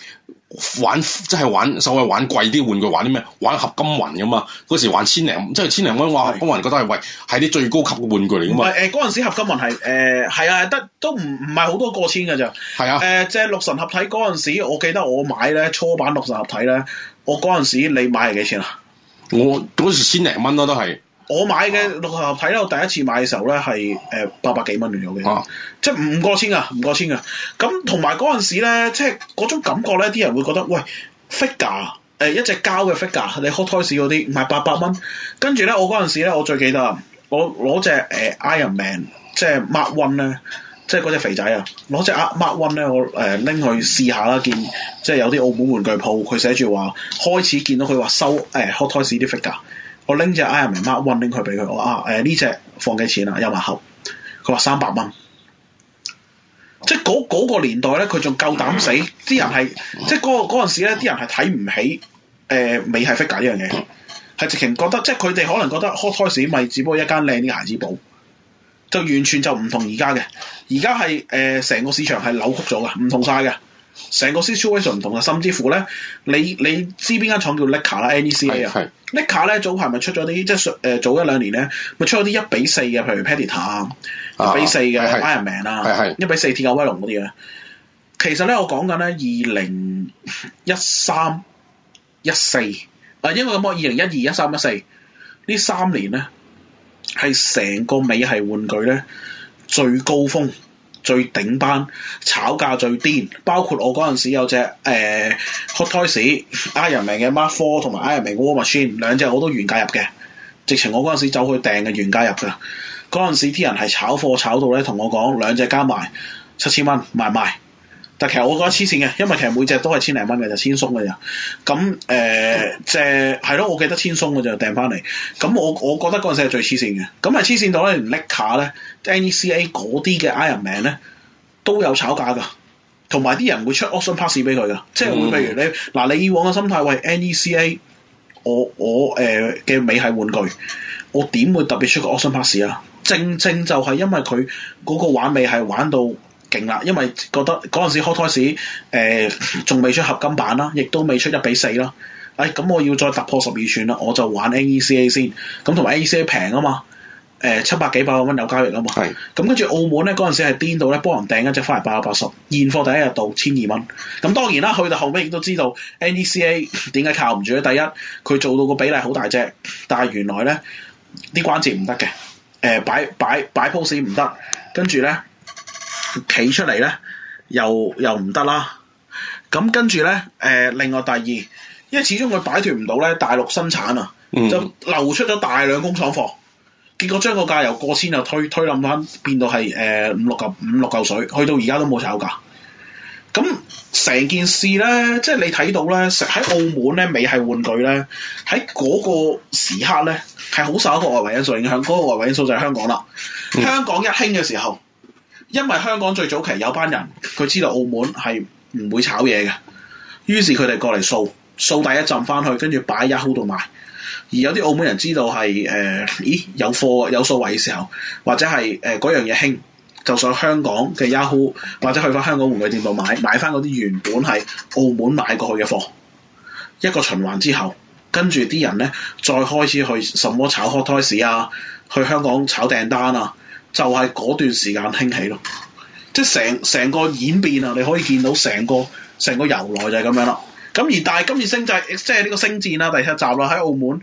玩即係玩，所謂玩貴啲玩具，玩啲咩？玩合金雲噶嘛？嗰時玩千零，即係千零蚊話合金雲，是覺得係喂係啲最高級嘅玩具嚟。唔係。誒、呃，嗰陣時合金雲係誒係啊，得都唔唔係好多過千嘅咋，係啊誒、呃，即係六神合體嗰陣時，我記得我買咧初版六神合體咧，我嗰陣時你買係幾錢啊？我嗰時千零蚊咯，都係。我買嘅六合體咧，我第一次買嘅時候咧係誒八百幾蚊嘅，即係唔過千啊，唔過千啊。咁同埋嗰陣時咧，即係嗰種感覺咧，啲人會覺得喂 figure 誒、呃、一隻膠嘅 figure，你 Hot Toys 嗰啲唔係八百蚊。跟住咧，我嗰陣時咧，我最記得我攞隻誒 Iron Man 即係 Mark One 咧，即係嗰隻肥仔啊，攞隻啊 Mark One 咧，我誒拎、呃、去試一下啦，見即係有啲澳門玩具鋪佢寫住話開始見到佢話收誒 Hot Toys 啲 figure。呃我拎隻 Iron Man Mark One 拎佢俾佢，我啊誒呢隻放幾錢啊？有埋後，佢話三百蚊。即係嗰、嗰個嗰個年代咧，佢仲夠膽死，啲人係即係嗰嗰陣時咧，啲人係睇唔起誒、呃、美係 figure 呢樣嘢，係直情覺得即係佢哋可能覺得開胎時咪只不過一間靚啲孩之寶，就完全就唔同而家嘅，而家係誒成個市場係扭曲咗㗎，唔同晒嘅。成個 situation 唔同啊，甚至乎咧，你你知邊間廠叫 ar, n i k a 啦，NECA 啊 n i k a 咧早排咪出咗啲，即係誒、呃、早兩呢一兩年咧，咪出咗啲一比四嘅，譬如 p a i t a 啊，一 ire 是比四嘅 Iron Man 啦，一比四鐵甲威龍嗰啲啊。其實咧，我講緊咧，二零一三一四啊，因為咁講，二零一二一三一四呢三年咧，係成個美係玩具咧最高峰。最頂班，炒價最癲。包括我嗰陣時有隻誒、呃、Hot Toys Iron Man 嘅 Mark Four 同埋 Iron Man War Machine 兩隻我都原價入嘅。直情我嗰陣時走去訂嘅原價入嘅。嗰陣時啲人係炒貨炒到咧，同我講兩隻加埋七千蚊賣唔但其實我覺得黐線嘅，因為其實每隻都係千零蚊嘅就千鬆嘅咋。咁誒即係係咯，我記得千鬆嘅就訂翻嚟，咁我我覺得嗰陣時係最黐線嘅，咁係黐線到咧，你唔拎下咧，NECA 嗰啲嘅 Iron 名咧都有炒價㗎，同埋啲人會出 option pass 俾佢㗎，即係會譬如你嗱、嗯、你以往嘅心態喂 NECA，我我誒嘅尾係玩具，我點會特別出個 option pass 啊？正正就係因為佢嗰個玩味係玩到。啦，因為覺得嗰陣時開台市，仲、呃、未出合金版啦，亦都未出一比四啦、哎。誒咁我要再突破十二寸啦，我就玩 NECA 先。咁同埋 NECA 平啊嘛，誒、呃、七百幾百個蚊有交易啊嘛。係是。咁跟住澳門咧嗰陣時係癲到咧，幫人訂一隻翻嚟八百八十現貨，第一日到千二蚊。咁當然啦，去到後尾亦都知道 NECA 點解靠唔住咧。第一佢做到個比例好大隻，但係原來咧啲關節唔得嘅，誒擺擺擺 pose 唔得，跟住咧。企出嚟咧，又又唔得啦。咁跟住咧，誒、呃，另外第二，因為始終佢擺脫唔到咧大陸生產啊，嗯、就流出咗大量工廠貨，結果將個價由過千又推推冧翻，變到係誒五六嚿五六嚿水，去到而家都冇炒價。咁、嗯、成件事咧，即係你睇到咧，食喺澳門咧，美係玩具咧，喺嗰個時刻咧係好受一個外圍因素影響。嗰、那個外圍因素就係香港啦。嗯、香港一興嘅時候。因為香港最早期有班人佢知道澳門係唔會炒嘢嘅，於是佢哋過嚟掃掃第一陣翻去，跟住擺 Yahoo 度賣。而有啲澳門人知道係誒、呃，咦有貨有數位嘅時候，或者係誒嗰樣嘢興，就上香港嘅 Yahoo 或者去翻香港玩具店度買買翻嗰啲原本係澳門買過去嘅貨。一個循環之後，跟住啲人咧再開始去什麼炒開市啊，去香港炒訂單啊。就係嗰段時間興起咯，即係成成個演變啊！你可以見到成個成個由來就係咁樣啦。咁而但係今年星戰、就係、即係呢個星戰啦第七集啦，喺澳門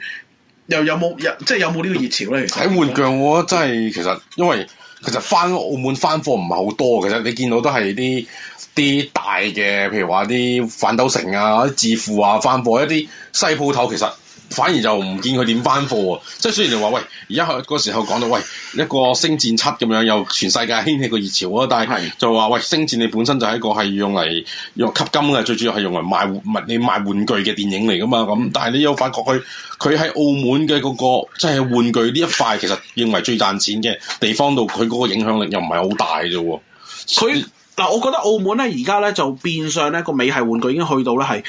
又有冇有即係有冇呢個熱潮咧？喺換腳，我覺得真係其實因為其實翻澳門翻貨唔係好多，其實你見到都係啲啲大嘅，譬如話啲反斗城啊、啲字庫啊翻貨，一啲細鋪頭其實。反而就唔見佢點翻貨喎、啊，即係雖然你話喂，而家嗰個時候講到喂一個星戰七咁樣又全世界掀起個熱潮喎、啊，但係就話喂星戰你本身就係一個係用嚟用嚟吸金嘅，最主要係用嚟賣物你賣玩具嘅電影嚟㗎嘛咁，但係你有發覺佢佢喺澳門嘅嗰個即係玩具呢一塊，其實認為最賺錢嘅地方度，佢嗰個影響力又唔係好大啫喎。佢嗱，我覺得澳門咧而家咧就變相咧個美系玩具已經去到咧係。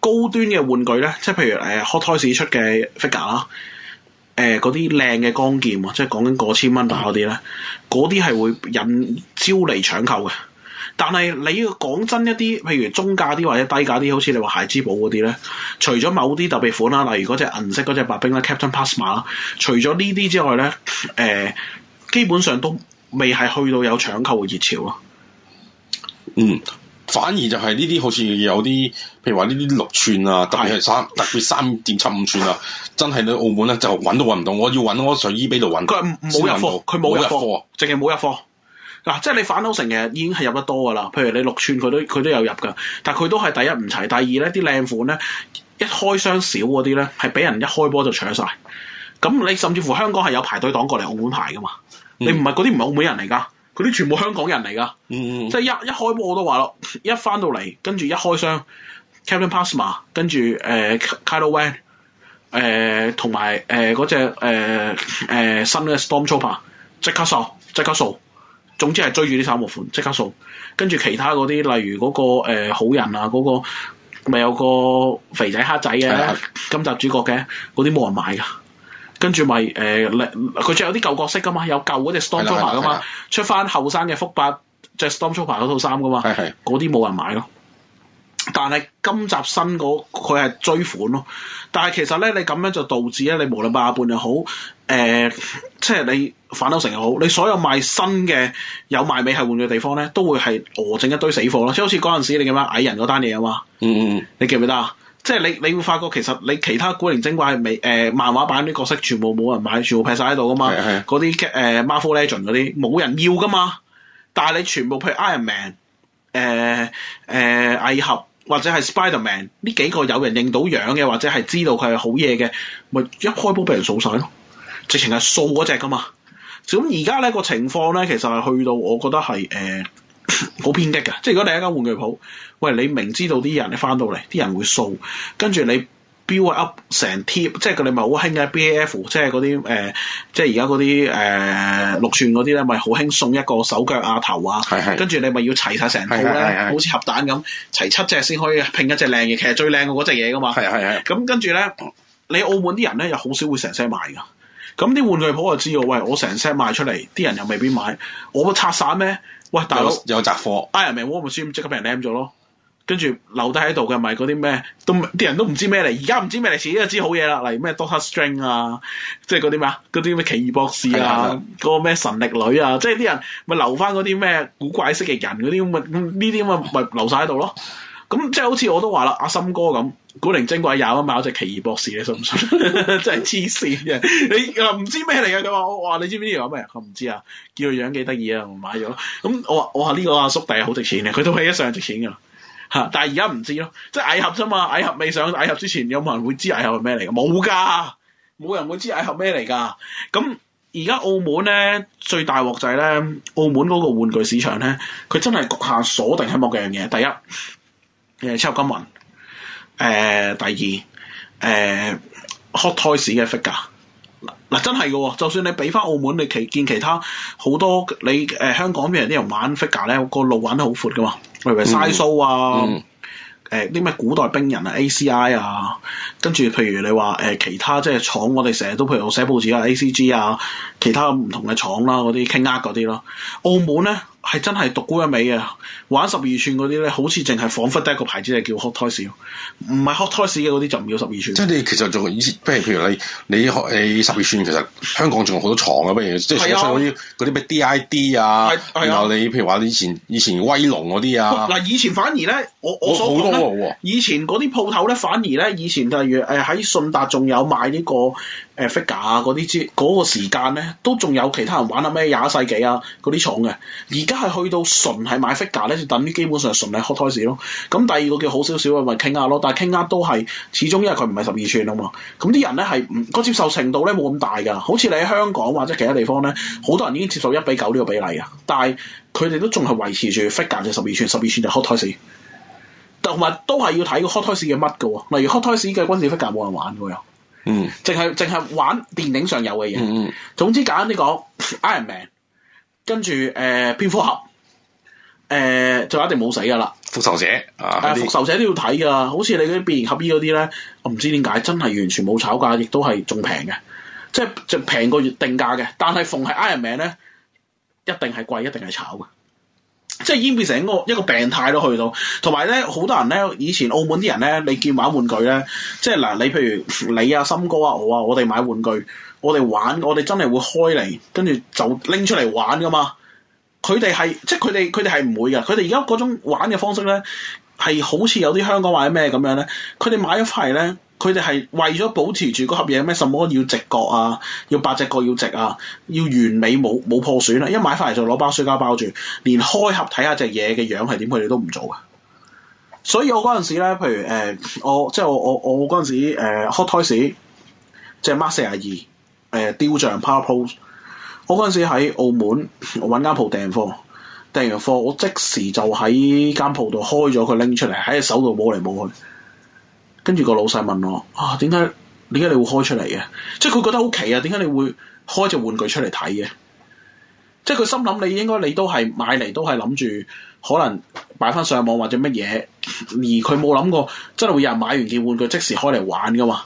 高端嘅玩具咧，即係譬如誒 Hot Toys 出嘅 figure 啦、呃，誒嗰啲靚嘅光劍，即係講緊過千蚊打嗰啲咧，嗰啲係會引招嚟搶購嘅。但係你要講真一啲，譬如中價啲或者低價啲，好似你話孩之寶嗰啲咧，除咗某啲特別款啦，例如嗰隻銀色嗰隻白兵啦、嗯、Captain Phasma 啦，除咗呢啲之外咧，誒、呃、基本上都未係去到有搶購嘅熱潮咯。嗯。反而就係呢啲好似有啲，譬如話呢啲六寸啊，特別係三特別三點七五寸啊，真係你澳門咧就揾都揾唔到，我要揾我上衣比度揾。佢冇入貨，佢冇入貨，淨係冇入貨。嗱、啊，即係你反斗城已經係入得多噶啦。譬如你六寸佢都佢都有入噶，但係佢都係第一唔齊，第二咧啲靚款咧一開箱少嗰啲咧係俾人一開波就搶晒。咁你甚至乎香港係有排隊黨過嚟澳門排噶嘛？你唔係嗰啲唔係澳門人嚟㗎？佢啲全部香港人嚟噶，嗯嗯即係一一開波我都話咯，一返到嚟跟住一開箱，Captain Phasma 跟住誒 Kylo Ren，誒同埋誒嗰隻誒誒新嘅 Stormtrooper，即刻掃即刻掃，總之係追住啲三個款即刻掃，跟住其他嗰啲例如嗰、嗰個、呃、好人啊，嗰、嗰個咪有個肥仔黑仔嘅今集主角嘅，嗰啲冇人買㗎。跟住咪誒，佢、呃、著有啲舊角色㗎嘛，有舊嗰隻 Stormtrooper 㗎嘛，出翻後生嘅福伯著 Stormtrooper 嗰套衫㗎嘛，嗰啲冇人買咯。但係今集新嗰佢係追款咯。但係其實咧，你咁樣就導致咧，你無論八佰伴又好，誒、呃，即係你反斗城又好，你所有賣新嘅有賣尾係換嘅地方咧，都會係攞整一堆死貨咯。即係好似嗰陣時你咁樣蟻人嗰單嘢嘛，嗯嗯你記唔記得？啊？即係你，你會發覺其實你其他古靈精怪係美誒、呃、漫畫版啲角色，全部冇人買，全部劈晒喺度啊嘛！嗰啲誒 Marvel Legend 嗰啲冇人要噶嘛，但係你全部譬如 Iron Man、呃、誒誒蟻俠或者係 Spider Man 呢幾個有人認到樣嘅，或者係知道佢係好嘢嘅，咪一開波俾人掃晒咯，直情係掃嗰隻噶嘛。咁而家呢、呢個情況咧，其實係去到我覺得係誒。呃好偏激嘅，即係如果你一間玩具鋪，喂，你明知道啲人你翻到嚟，啲人會掃，跟住你 build up 成貼，即係佢哋咪好興嘅 B A F，即係嗰啲誒，即係而家嗰啲誒六寸嗰啲咧，咪好興送一個手腳啊頭啊，跟住係你咪要齊晒成套咧，係係係係好似盒蛋咁，齊七隻先可以拼一隻靚嘅。其實最靚嘅嗰隻嘢噶嘛，係係係，咁跟住咧，你澳門啲人咧又好少會成 set 賣嘅，咁啲玩具鋪又知道，喂，我成 set 賣出嚟，啲人又未必買，我會拆散咩？喂，有大佬哥有集貨，Iron Man One 咪先即刻俾人斬咗咯，跟住留低喺度嘅咪嗰啲咩，都啲人都唔知咩嚟，而家唔知咩嚟，自己都知好嘢啦，例如咩 Doctor Strange 啊，即係嗰啲咩啊，嗰啲咩奇異博士啊，嗰 (laughs) 個咩神力女啊，即係啲人咪留翻嗰啲咩古怪式嘅人嗰啲咁啊，呢啲咁啊咪留晒喺度咯，咁即係好似我都話啦，阿森哥咁。古靈精怪有啊嘛，我隻奇異博士你信唔信？ (laughs) 真係黐線嘅， (laughs) 你又唔知咩嚟嘅？佢話我話你知唔知呢樣咩？我唔知啊，叫佢樣幾得意啊，我買咗咯。咁我話我話呢個阿叔第日好值錢嘅，佢都喺上值錢㗎啦嚇。但係而家唔知咯，即係矮盒啫嘛，矮盒未上矮盒之前，有冇人會知矮盒係咩嚟嘅？冇㗎，冇人會知矮盒咩嚟㗎。咁而家澳門咧最大鑊就係、是、咧澳門嗰個玩具市場咧，佢真係局限鎖定喺某幾樣嘢。第一誒，七金銀。誒、呃、第二誒、呃、hot toys 嘅 figure 嗱、啊、真係嘅，就算你俾翻澳門，你其見其他好多你誒、呃、香港啲人啲人玩 figure 咧，個路玩得好闊嘅嘛，例如 Sideshow 啊，誒啲咩古代兵人啊，ACI 啊，跟住譬如你話誒、呃、其他即係廠我，我哋成日都譬如我寫報紙啊，ACG 啊，其他唔同嘅廠啦、啊，嗰啲 King Arts 嗰啲咯，澳門咧。係真係獨沽一味嘅，玩十二寸嗰啲咧，好似淨係彷彿得一個牌子叫 ys，就叫 Hot Toys，唔係 Hot Toys 嘅嗰啲就唔要十二寸。即係你其實仲以前，不如譬如你你十二、欸、寸其實香港仲有好多廠啊，不如即係寫出啲咩 DID 啊，啊然後你譬如話以前以前威龍嗰啲啊。嗱、啊，以前反而咧，我我好多喎、啊。以前嗰啲鋪頭咧，反而咧，以前就係誒喺信達仲有買呢、這個。誒 figure 啊，嗰啲之嗰個時間咧，都仲有其他人玩下咩廿一世紀啊嗰啲廠嘅。而家係去到純係買 figure 咧，就等於基本上是純係 hot toys 咯。咁第二個叫好少少啊，咪傾下咯。但係傾下都係始終因為佢唔係十二寸啊嘛。咁、嗯、啲、嗯、人咧係唔個接受程度咧冇咁大㗎。好似你喺香港或者其他地方咧，好多人已經接受一比九呢個比例啊。但係佢哋都仲係維持住 figure 就係十二寸，十二寸就 hot toys。同埋都係要睇個 hot toys 嘅乜㗎喎？例如 hot toys 嘅軍事 figure 冇人玩㗎。嗯，淨係淨係玩電影上有嘅嘢。嗯，總之簡單啲講，Iron Man，跟住誒蝙蝠俠，誒、呃呃、就一定冇死噶啦復仇者啊，誒復、呃、仇者都要睇噶，好似你嗰啲變形俠醫嗰啲咧，我唔知點解真係完全冇炒價，亦都係仲平嘅，即係仲平過定價嘅。但係逢係 Iron Man 咧，一定係貴，一定係炒嘅。即係已經變成一個一個病態都去到，同埋咧，好多人咧，以前澳門啲人咧，你見玩玩具咧，即係嗱，你譬如你啊、森哥啊、我啊，我哋買玩具，我哋玩，我哋真係會開嚟，跟住就拎出嚟玩噶嘛。佢哋係即係佢哋佢哋係唔會嘅，佢哋而家嗰種玩嘅方式咧係好似有啲香港或者咩咁樣咧，佢哋買一塊咧。佢哋係為咗保持住嗰盒嘢咩？什麼？要直角啊？要八隻角要直啊？要完美冇冇破損啊？一買翻嚟就攞包書膠包住，連開盒睇下隻嘢嘅樣係點，佢哋都唔做嘅。所以我嗰陣時咧，譬如誒、呃，我即係我我我嗰陣時誒、呃、Hot Toys，即係 Mark 四廿二誒雕像 Power Pose。我嗰陣時喺澳門，我揾間鋪訂貨，訂完貨我即時就喺間鋪度開咗佢拎出嚟，喺手度摸嚟摸去。跟住個老細問我：啊，點解點解你會開出嚟嘅？即係佢覺得好奇啊，點解你會開隻玩具出嚟睇嘅？即係佢心諗你應該你都係買嚟都係諗住可能擺翻上網或者乜嘢，而佢冇諗過真係會有人買完件玩具即時開嚟玩㗎嘛？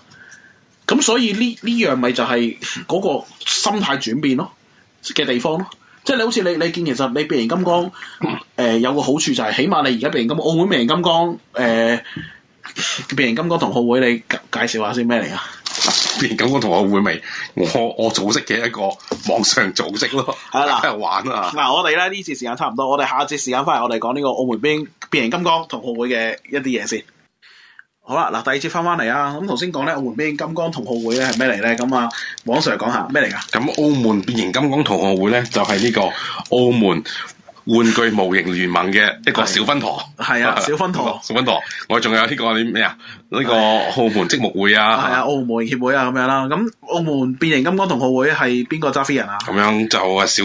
咁所以呢呢樣咪就係嗰個心態轉變咯嘅地方咯。即係你好似你你見其實你變形金剛誒、呃、有個好處就係，起碼你而家變形金澳門變形金剛誒。呃變形金剛同學會，你介紹下先咩嚟啊？變形金剛同學會咪我我組織嘅一個網上組織咯。係啦，玩啊！嗱，我哋咧呢次時間差唔多，我哋下一節時間翻嚟，我哋講呢個澳門變變形金剛同學會嘅一啲嘢先好啦，嗱，第二次翻翻嚟啊！咁頭先講咧，澳門變形金剛同學會咧係咩嚟咧？咁啊，網上講下咩嚟噶？咁澳門變形金剛同學會咧、嗯嗯嗯、就係呢個澳門。玩具模型聯盟嘅一個小分舵，係啊的， (laughs) 小分舵，小分舵。我仲有呢個啲咩啊？呢個澳門積木會啊，係啊，澳門模型協會啊，咁樣啦。咁澳門變形金剛同好會係邊個揸飛人啊？咁樣就啊小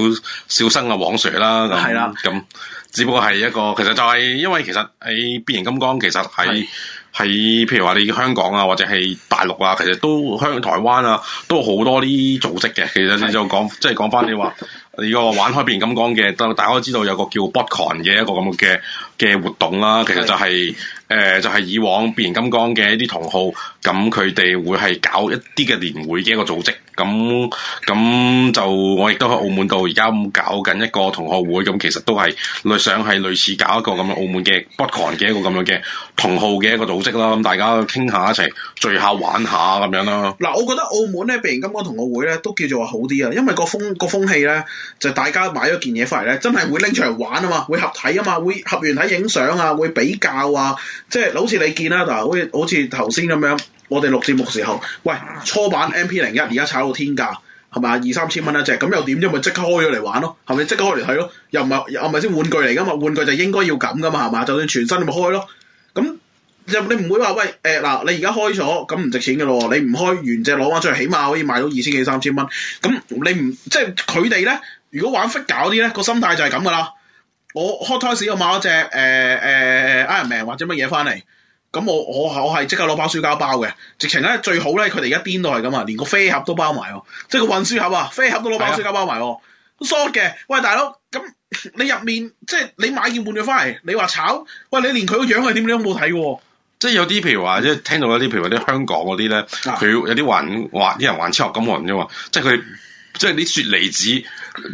小生啊黃 Sir 啦，咁係啦，咁只不過係一個，其實就係、是、因為其實喺變形金剛，其實喺喺譬如話你香港啊，或者係大陸啊，其實都香港台灣啊，都好多啲組織嘅。其實你就講，即係講翻你話。 (laughs) 你個玩開邊咁講嘅，都大家都知道有個叫 Botcon 嘅一個咁嘅。嘅活動啦，其實就係、是、誒的、呃、就係、是、以往變形金剛嘅一啲同好，咁佢哋會係搞一啲嘅年會嘅一個組織，咁咁就我亦都喺澳門度而家咁搞緊一個同學會，咁其實都係類想係類似搞一個咁嘅澳門嘅的北 o 嘅一個咁樣嘅同好嘅一個組織啦，咁大家傾下一齊聚一下玩下咁樣啦。嗱，我覺得澳門咧變形金剛同學會咧都叫做好啲啊，因為個風個風氣咧就大家買咗件嘢翻嚟咧，真係會拎出嚟玩啊嘛，會合睇啊嘛，會合完睇。影相啊，會比較啊，即係好似你見啦，嗱，好似好似頭先咁樣，我哋錄節目時候，喂，初版 MP 零一而家炒到天價，係咪二三千蚊一隻咁又點啫？咪即刻開咗嚟玩咯，啊，係咪？即刻開嚟睇咯，又唔係又係咪先玩具嚟噶嘛？玩具就應該要咁噶嘛，係嘛？就算全新、啊嗯、你咪開咯，咁你你唔會話喂，誒、呃、嗱，你而家開咗咁唔值錢嘅咯，你唔開完隻攞翻出嚟，起碼可以賣到二千幾三千蚊，咁、嗯、你唔即係佢哋咧？如果玩 figure 搞啲咧，個心態就係咁噶啦。我開胎時我買咗隻誒誒、呃呃、Iron Man 或者乜嘢翻嚟，咁我我我係即刻攞包書膠包嘅，直情咧最好咧佢哋而家邊都係咁啊，連個飛盒都包埋，即係個運輸盒啊，飛盒都攞包書膠包埋，short 嘅。喂，大佬，咁你入面即係你買件半咗翻嚟，你話炒？喂，你連佢個樣係點你都冇睇嘅。即係有啲譬如話，即係聽到有啲譬如話啲香港嗰啲咧，佢有啲玩玩啲人玩超合金魂啫嘛，即係佢即係啲雪梨紙，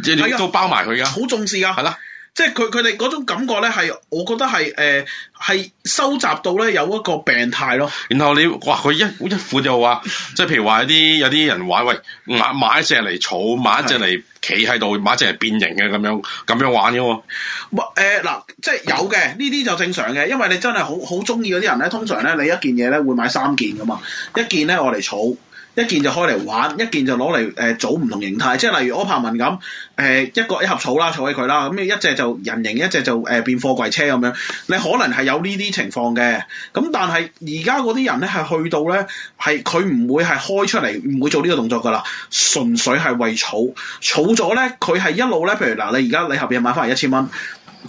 即係都包埋佢噶，好重視㗎，係啦。即係佢佢哋嗰種感覺咧，係我覺得係誒係收集到咧有一個病態咯。然後你哇，佢一一戶就話， (laughs) 即係譬如話有啲有啲人話，喂買買一隻嚟儲，買一隻嚟企喺度，買一隻嚟 (laughs) 變形嘅咁樣咁樣玩嘅喎。誒嗱、呃，即係有嘅呢啲就正常嘅，因為你真係好好中意嗰啲人咧，通常咧你一件嘢咧會買三件噶嘛，一件咧我嚟儲。一件就開嚟玩，一件就攞嚟誒組唔同形態，即係例如柯柏文咁誒一個一盒儲啦，儲、啊、起佢啦，咁、嗯、你一隻就人形，一隻就誒、呃、變貨櫃車咁樣，你可能係有呢啲情況嘅，咁、嗯、但係而家嗰啲人咧係去到咧係佢唔會係開出嚟，唔會做呢個動作噶啦，純粹係為儲，儲咗咧佢係一路咧，譬如嗱、啊、你而家你後面買翻嚟一千蚊，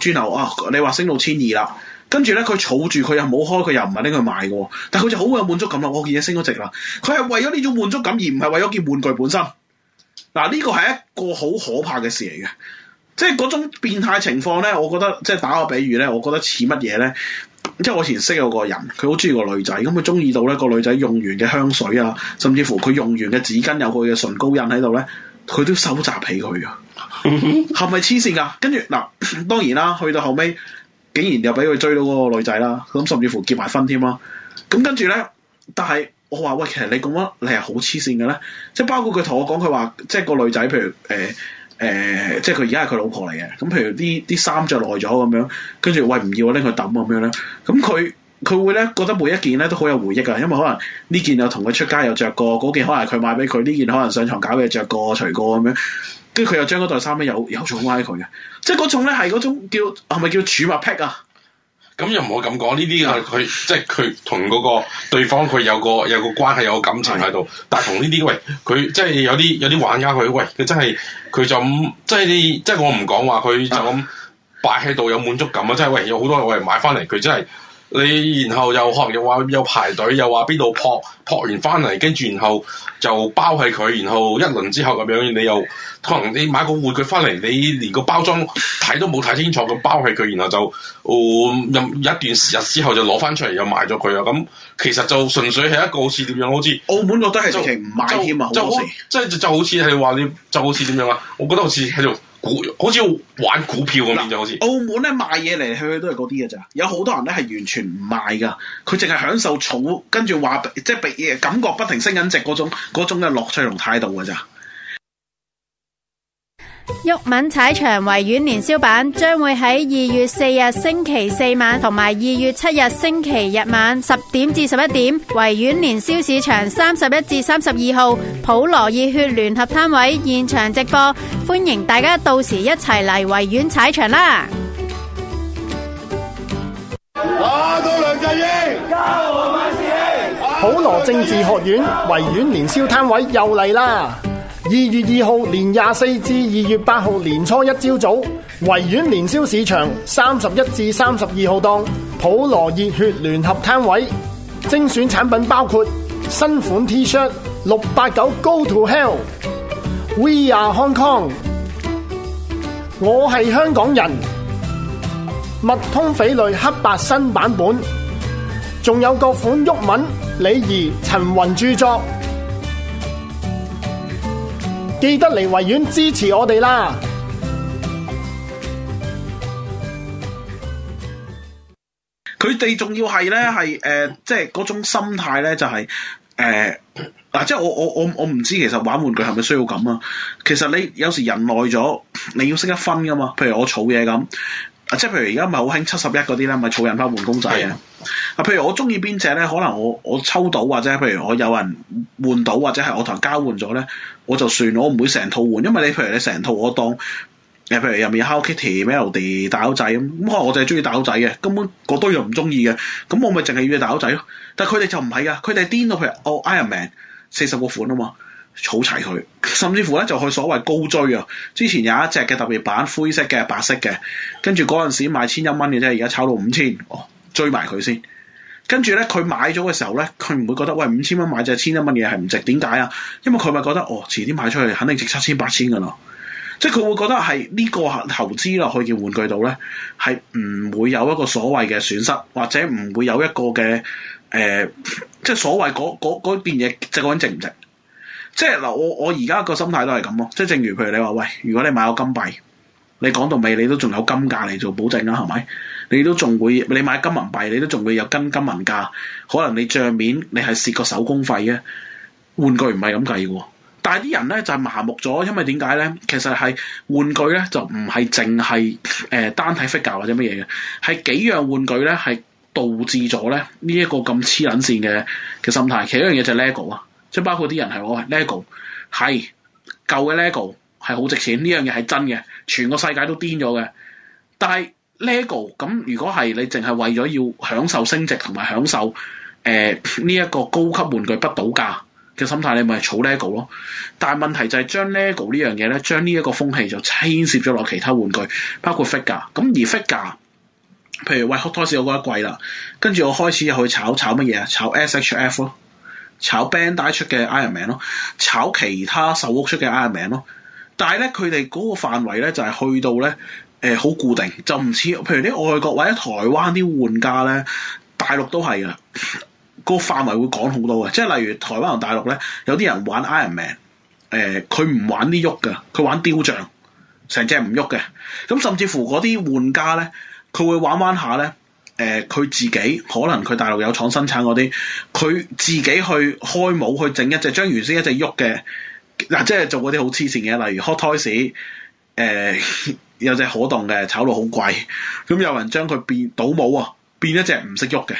轉頭啊你話升到千二啦。跟住咧，佢儲住佢又冇開，佢又唔係拎去賣嘅。但係佢就好有滿足感啦。我件嘢升咗值啦。佢係為咗呢種滿足感而唔係為咗件玩具本身。嗱，呢個係一個好可怕嘅事嚟嘅。即係嗰種變態情況咧，我覺得即係打個比喻咧，我覺得似乜嘢咧？即係我以前識有個人，佢好中意個女仔，咁佢中意到咧個女仔用完嘅香水啊，甚至乎佢用完嘅紙巾有佢嘅唇膏印喺度咧，佢都收集起佢啊。係咪黐線㗎？跟住嗱，當然啦，去到後尾。竟然又俾佢追到嗰個女仔啦，咁甚至乎結埋婚添囉。咁、嗯、跟住咧，但係我話喂，其實你咁樣你係好黐線嘅咧，即係包括佢同我講佢話，即係個女仔，譬如誒誒、呃呃，即係佢而家係佢老婆嚟嘅。咁譬如啲啲衫着耐咗咁樣，跟住喂唔要我拎佢抌咁樣咧。咁佢佢會咧覺得每一件咧都好有回憶噶，因為可能呢件又同佢出街又着過，嗰件可能佢買俾佢，呢件可能上床搞嘢着過除過咁樣。跟住佢又將嗰袋衫咧有有送翻佢嘅，即係嗰種咧係嗰種叫係咪叫儲物癖啊？咁又唔好咁講呢啲啊。佢 (laughs) 即係佢同嗰個對方佢有個有個關係有個感情喺度， (laughs) 但係同呢啲喂，佢即係有啲有啲玩家佢喂佢真係佢就咁即係你，即係我唔講話佢就咁擺喺度有滿足感啊！即係喂有好多我係買翻嚟佢真係。你然後又可能又話又排隊又話邊度撲撲完翻嚟，跟住然後就包起佢，然後一輪之後咁樣，你又可能你買個玩具翻嚟，你連個包裝睇都冇睇清楚咁包起佢，然後就哦有、嗯、一段時日之後就攞翻出嚟又賣咗佢啊！咁其實就純粹係一個好似點樣，好似澳門覺得係其實唔買添啊，好多即係就好似係話你，就好似點樣啊？我覺得好似喺度。好似玩股票咁樣啫，好似吧像澳門咧，賣嘢嚟去去都係嗰啲嘅咋，有好多人咧係完全唔賣噶，佢淨係享受儲，跟住話，即係俾嘢感覺不停升緊值嗰種嗰種嘅樂趣同態度嘅咋。毓民踩場維園年宵版將會喺二月四日星期四晚同埋二月七日星期日晚十點至十一點，維園年宵市場三十一至三十二號普羅熱血聯合攤位現場直播，歡迎大家到時一齊嚟維園踩場啦！普羅政治學院維園年宵攤位又嚟啦！二月二號年廿四至二月八號年初一朝早，早，維園年宵市場三十一至三十二號檔普羅熱血聯合攤位，精選產品包括新款 T-shirt 六八九 Go to Hell，We are Hong Kong，我係香港人，麥通匪類黑白新版本，仲有各款毓民、李怡、陳雲著作。記得嚟維園支持我哋啦！佢哋仲要係咧，係誒、呃，即係嗰種心態咧，就係、是、誒，嗱、呃，即係我我我我唔知其實玩玩具係咪需要咁啊？其實你有時人耐咗，你要識得分噶嘛，譬如我儲嘢咁。即係譬如而家咪好興七十一嗰啲咧，咪儲人翻換公仔嘅。啊的，譬如我中意邊隻咧，可能我我抽到或者譬如我有人換到或者係我同人交換咗咧，我就算，我唔會成套換，因為你譬如你成套我當誒譬如入面有 Hello Kitty、Melody、大佬仔咁，咁可能我就係中意大佬仔嘅，根本個堆又唔中意嘅，咁我咪淨係要隻大佬仔咯。但係佢哋就唔係啊，佢哋癲到譬如，哦、oh, Iron Man 四十個款啊嘛！儲齊佢，甚至乎咧就去所謂高追啊！之前有一隻嘅特別版，灰色嘅、白色嘅，跟住嗰陣時賣千一蚊嘅啫，而家炒到五千，哦，追埋佢先。跟住咧，佢買咗嘅時候咧，佢唔會覺得喂，五千蚊買隻千一蚊嘢係唔值？點解啊？因為佢咪覺得哦，遲啲賣出去肯定值七千八千噶咯，即係佢會覺得係呢個投資落去嘅玩具度咧，係唔會有一個所謂嘅損失，或者唔會有一個嘅誒、呃，即係所謂嗰嗰嗰邊嘢值唔值唔值？即係嗱，我我而家個心態都係咁咯。即係正如譬如你話喂，如果你買個金幣，你講到尾你都仲有金價嚟做保證啦，係咪？你都仲會你買金銀幣，你都仲會有跟金，金銀價。可能你帳面你係蝕個手工費嘅玩具唔係咁計嘅。但係啲人咧就係、是、麻木咗，因為點解咧？其實係玩具咧就唔係淨係誒單體 figure 或者乜嘢嘅，係幾樣玩具咧係導致咗咧呢一、這個咁黐撚線嘅嘅心態。其中一樣嘢就係 LEGO 啊。即係包括啲人係我係 LEGO，係舊嘅 LEGO 係好值錢，呢樣嘢係真嘅，全個世界都癲咗嘅。但係 LEGO 咁，如果係你淨係為咗要享受升值同埋享受誒呢一個高級玩具不倒價嘅心態，你咪係儲 LEGO 咯。但係問題就係將 LEGO 呢樣嘢咧，將呢一個風氣就牽涉咗落其他玩具，包括 figure 咁，而 figure，譬如喂，Hot Toys 我覺得貴啦，跟住我開始去炒炒乜嘢啊？炒 SHF 咯。炒 Bandai 出嘅 Iron Man 咯，炒其他售屋出嘅 Iron Man 咯，但係咧佢哋嗰個範圍咧就係、是、去到咧，誒、呃、好固定，就唔似譬如啲外國或者台灣啲玩家咧，大陸都係嘅，個範圍會廣好多嘅，即係例如台灣同大陸咧，有啲人玩 Iron Man，佢、呃、唔玩啲喐㗎，佢玩雕像，成隻唔喐嘅，咁甚至乎嗰啲玩家咧，佢會玩玩下咧。誒佢、呃、自己可能佢大陸有廠生產嗰啲，佢自己去開模去整一隻，將原先一隻喐嘅，嗱、啊、即係做嗰啲好黐線嘅，例如 Hot Toys，誒、呃、 (laughs) 有隻可動嘅，炒到好貴，咁有人將佢變倒模啊，變一隻唔識喐嘅，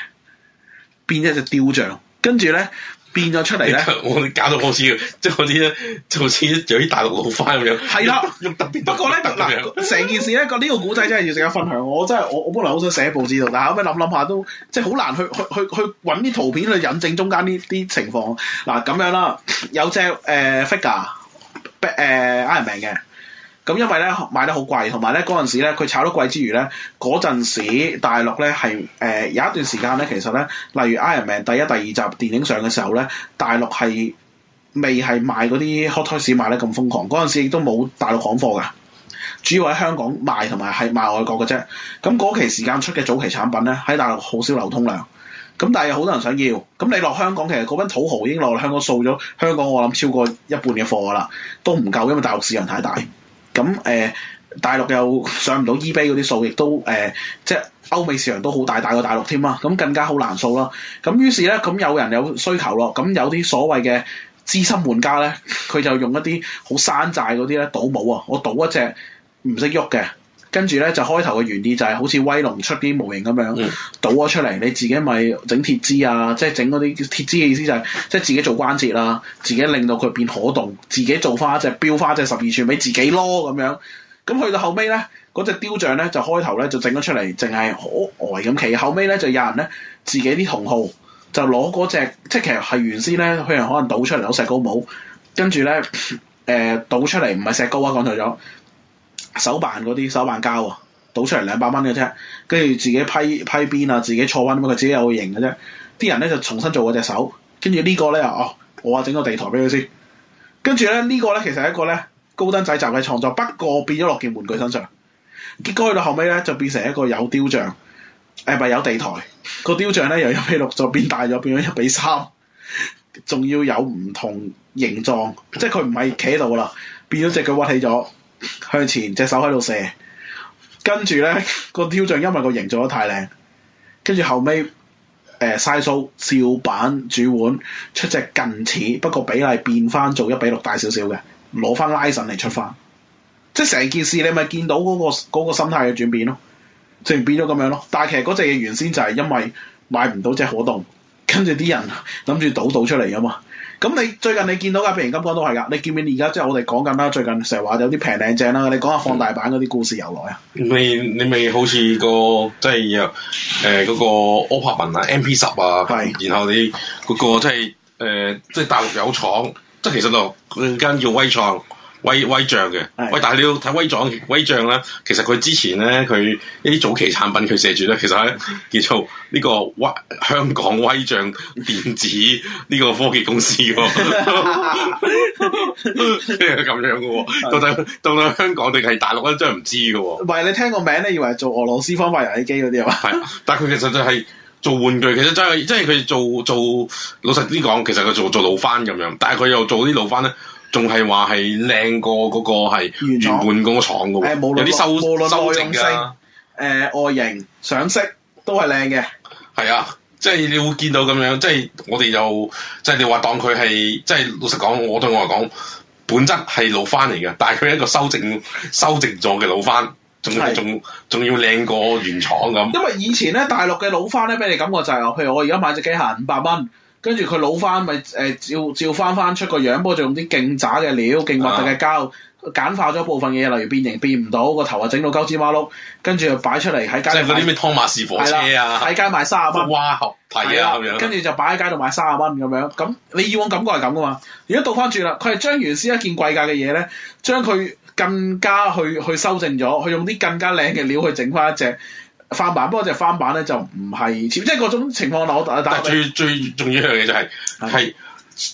變一隻雕像，跟住咧。變咗出嚟咧， (noise) 我搞到好似即係好似咧，就好似有啲大陸老花咁樣。係啦的，用特別。不過咧，嗱樣，成件事咧，個呢個古仔真係要大家分享。我真係我我，本來好想寫報紙度，但係後尾諗諗下都即係好難去去去去揾啲圖片去引證中間呢啲情況。嗱咁樣啦，有隻誒 figure，誒呃 Iron Man 嘅。咁因為咧買得好貴，同埋咧嗰陣時咧佢炒到貴之餘咧，嗰陣時大陸咧係誒有一段時間咧，其實咧，例如 Iron Man 第一、第二集電影上嘅時候咧，大陸係未係賣嗰啲 hot toys 賣得咁瘋狂，嗰陣時亦都冇大陸行貨噶，主要喺香港賣同埋係賣外國嘅啫。咁嗰期時間出嘅早期產品咧，喺大陸好少流通量。咁但係有好多人想要，咁你落香港其實嗰班土豪已經落香港掃咗香港，我諗超過一半嘅貨啦，都唔夠，因為大陸市場太大。咁誒、呃、大陸又上唔到 eBay 嗰啲數，亦都誒、呃、即係歐美市場都好大，大過大陸添啊！咁更加好難數啦。咁於是咧，咁有人有需求咯。咁有啲所謂嘅資深玩家咧，佢就用一啲好山寨嗰啲咧，賭武啊！我賭一隻唔識喐嘅。跟住咧就開頭嘅原理就係好似威龍出啲模型咁樣、嗯、倒咗出嚟，你自己咪整鐵枝啊，即係整嗰啲鐵枝嘅意思就係、是、即係自己做關節啦、啊，自己令到佢變可動，自己做翻一隻雕花即係十二寸俾自己攞咁樣。咁去到後尾咧，嗰隻雕像咧就開頭咧就整咗出嚟，淨係好呆咁企。後尾咧就有人咧自己啲同好就攞嗰隻，即係其實係原先咧佢人可能倒出嚟有石膏帽，跟住咧誒倒出嚟唔係石膏啊講錯咗。手辦嗰啲手辦膠啊，倒出嚟兩百蚊嘅啫，跟住自己批批邊啊，自己錯彎咁啊，佢自己有個型嘅啫。啲人咧就重新做嗰隻手，跟住呢個咧哦，我啊整個地台俾佢先，跟住咧呢、這個咧其實係一個咧高登仔集體創作，不過變咗落件玩具身上。結果去到後尾咧就變成一個有雕像，誒、哎、咪有地台、個雕像咧由一比六就變大咗，變咗一比三，仲要有唔同形狀，即係佢唔係企喺度啦，變咗隻腳屈起咗。向前隻手喺度射，跟住咧個雕像因為個形做得太靚，跟住後尾誒 o 數照版主碗出隻近似，不過比例變翻做比一比六大少少嘅，攞翻拉神嚟出翻，即係成件事你咪見到嗰、嗰個嗰個心態嘅轉變咯，成變咗咁樣咯。但係其實嗰隻嘢原先就係因為買唔到隻可動，跟住啲人諗住倒倒出嚟噶嘛。咁你最近你見到㗎，譬如金剛都係㗎，你見唔見而家即係我哋講緊啦，最近成日話有啲平靚正啦、啊，你講下放大版嗰啲故事由來啊？嗯、未？你咪好似、呃那個即係誒嗰個 OPPO 文啊、MP 十啊，然後你嗰、那個即係誒、呃、即係大陸有廠，即係其實就佢間叫威創。威威象嘅，的喂！但係你要睇威象威象咧，其實佢之前咧，佢一啲早期產品佢寫住咧，其實咧叫做呢個威香港威象電子呢個科技公司喎，即係咁樣嘅喎。到底到底香港定係大陸咧，真係唔知嘅喎。唔係你聽個名咧，以為做俄羅斯方塊遊戲機嗰啲係嘛？係， (laughs) 但係佢其實就係做玩具。其實真係真係佢做做，做，做老實啲講，其實佢做做老翻咁樣。但係佢又做啲老翻咧。仲係話係靚過嗰個係原本嗰個廠嘅，來有啲修修正噶。誒、呃，外形、上色都係靚嘅。係啊，即係你會見到咁樣，即係我哋又即係你話當佢係，即係老實講，我對我嚟講，本質係老翻嚟嘅，但係佢係一個修正、修正做嘅老翻，仲仲仲要靚過原廠咁。因為以前咧，大陸嘅老翻咧，俾你感覺就係話，譬如我而家買隻機械五百蚊。跟住佢老翻咪誒、呃、照照翻翻出個樣，不過就用啲勁渣嘅料、勁核突嘅膠，簡化咗部分嘢，例如變形變唔到，個頭啊整到狗屎馬碌，跟住擺出嚟喺街。即係嗰啲咩湯馬士火車啊？喺街賣卅蚊。瓜核啊，跟住就擺喺街度賣卅蚊咁樣。咁你以往感覺係咁噶嘛？而家倒翻轉啦，佢係將原先一件貴價嘅嘢咧，將佢更加去去修正咗，去用啲更加靚嘅料去整翻一隻。翻版，只不過隻翻版咧就唔係，即係嗰種情況我但但最最重要一樣嘢就係係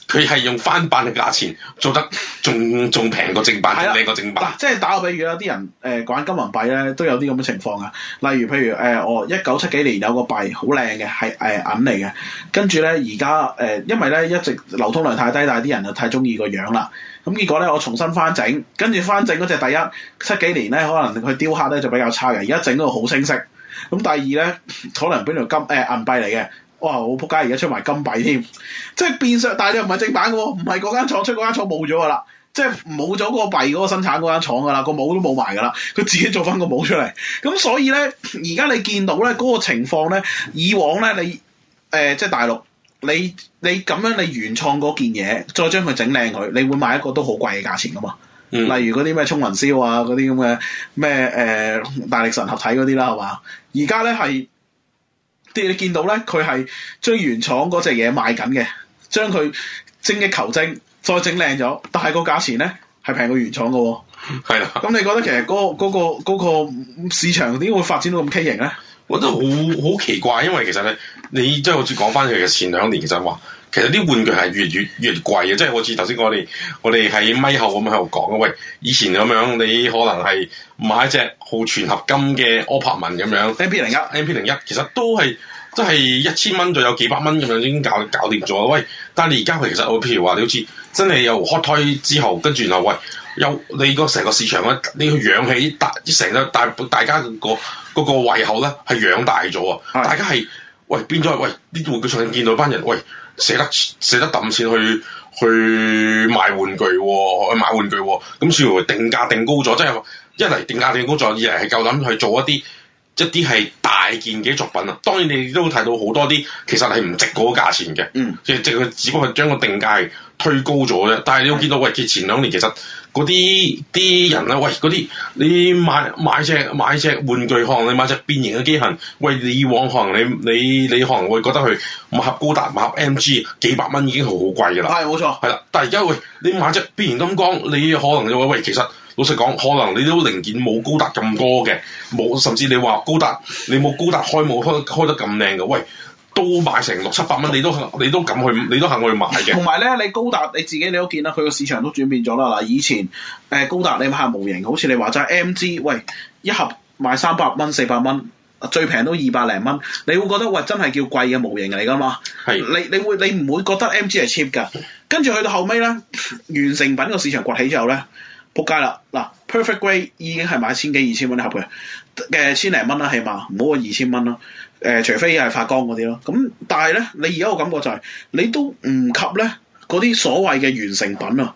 佢係用翻版嘅價錢做得仲仲平過正版，靚的過正版。即係打個比喻，有啲人誒講、呃、金銀幣咧都有啲咁嘅情況啊。例如，譬如誒、呃、我一九七幾年有個幣好靚嘅係誒銀嚟嘅，跟住咧而家誒因為咧一直流通量太低，但係啲人就太中意個樣啦，咁結果咧我重新翻整，跟住翻整嗰隻第一七幾年咧可能佢雕刻咧就比較差嘅，而家整到好清晰。咁第二咧，可能本嚟金誒、呃、銀幣嚟嘅，哇！我撲街而家出埋金幣添，即係變相，但係你又唔係正版嘅喎，唔係嗰間廠出，嗰間廠冇咗㗎啦，即係冇咗個幣嗰個生產嗰間廠㗎啦，個帽都冇埋㗎啦，佢自己做翻個帽出嚟，咁所以咧，而家你見到咧嗰個情況咧，以往咧你誒即係大陸，你你咁樣你原創嗰件嘢，再將佢整靚佢，你會買一個都好貴嘅價錢㗎嘛。例如嗰啲咩沖雲霄啊，嗰啲咁嘅咩誒大力神合體嗰啲啦，係嘛？而家咧係即係你見到咧，佢係將原廠嗰隻嘢賣緊嘅，將佢精益求精，再整靚咗，但係個價錢咧係平過原廠嘅喎、哦。係啦。咁你覺得其實嗰、那、嗰個嗰、那個那個市場點會發展到咁畸形咧？我覺得好好奇怪，因為其實呢你你即係我先講翻佢，嘅前兩年其實話。其實啲玩具係越嚟越越貴嘅，即係好似頭先，我哋我哋喺咪後咁喺度講啊。喂，以前咁樣，你可能係買一隻好全合金嘅柯柏文咁樣，MP 零一 MP 零一，MP 01, 01, 其實都係都係一千蚊，就有幾百蚊咁樣已經搞搞掂咗喂，但係你而家其實我譬如話，你好似真係由 hot toys，之後，跟住然後喂，又你個成個市場咧，你去養起大成個大大家、嗰個嗰、嗰個胃口咧係養大咗啊。的大家係喂變咗，喂啲玩具上見到班人喂。捨得捨得抌錢去去買玩具喎、哦，去買玩具喎、哦，咁似乎定價定高咗，即係一嚟定價定高咗，二嚟係夠膽去做一啲一啲係大件嘅作品啊！當然你都會睇到好多啲其實係唔值嗰個價錢嘅，嗯，即係佢只不過係將個定價推高咗啫。但係你有見到喂，佢前兩年其實。嗰啲啲人啊，喂，嗰啲你買買隻買隻玩具可能你買隻變形嘅機械，喂，你以往可能你你你可能會覺得佢五盒高達，五盒 MG，幾百蚊已經係好貴㗎啦。係冇錯，係啦，但係而家喂，你買隻變形金剛，你可能你話喂，其實老實講，可能你都零件冇高達咁多嘅，冇甚至你話高達，你冇高達開冇開開得咁靚㗎，喂。都賣成六七百蚊，你都你都敢去，你都肯去買嘅。同埋咧，你高達你自己你都見啦，佢個市場都轉變咗啦。嗱，以前誒、呃、高達你買模型，好似你話齋 M G，喂一盒賣三百蚊、四百蚊，最平都二百零蚊，你會覺得喂真係叫貴嘅模型嚟㗎嘛？係是你你會你唔會覺得 M G 係 cheap 㗎？跟住去到後尾咧，完成品個市場崛起之後咧，仆街啦！嗱，Perfect Grade 已經係賣千幾二千蚊一盒嘅，誒千零蚊啦起碼，唔好話二千蚊啦。誒，除非係發光嗰啲咯，咁但係咧，你而家個感覺就係、是、你都唔及咧嗰啲所謂嘅完成品啊，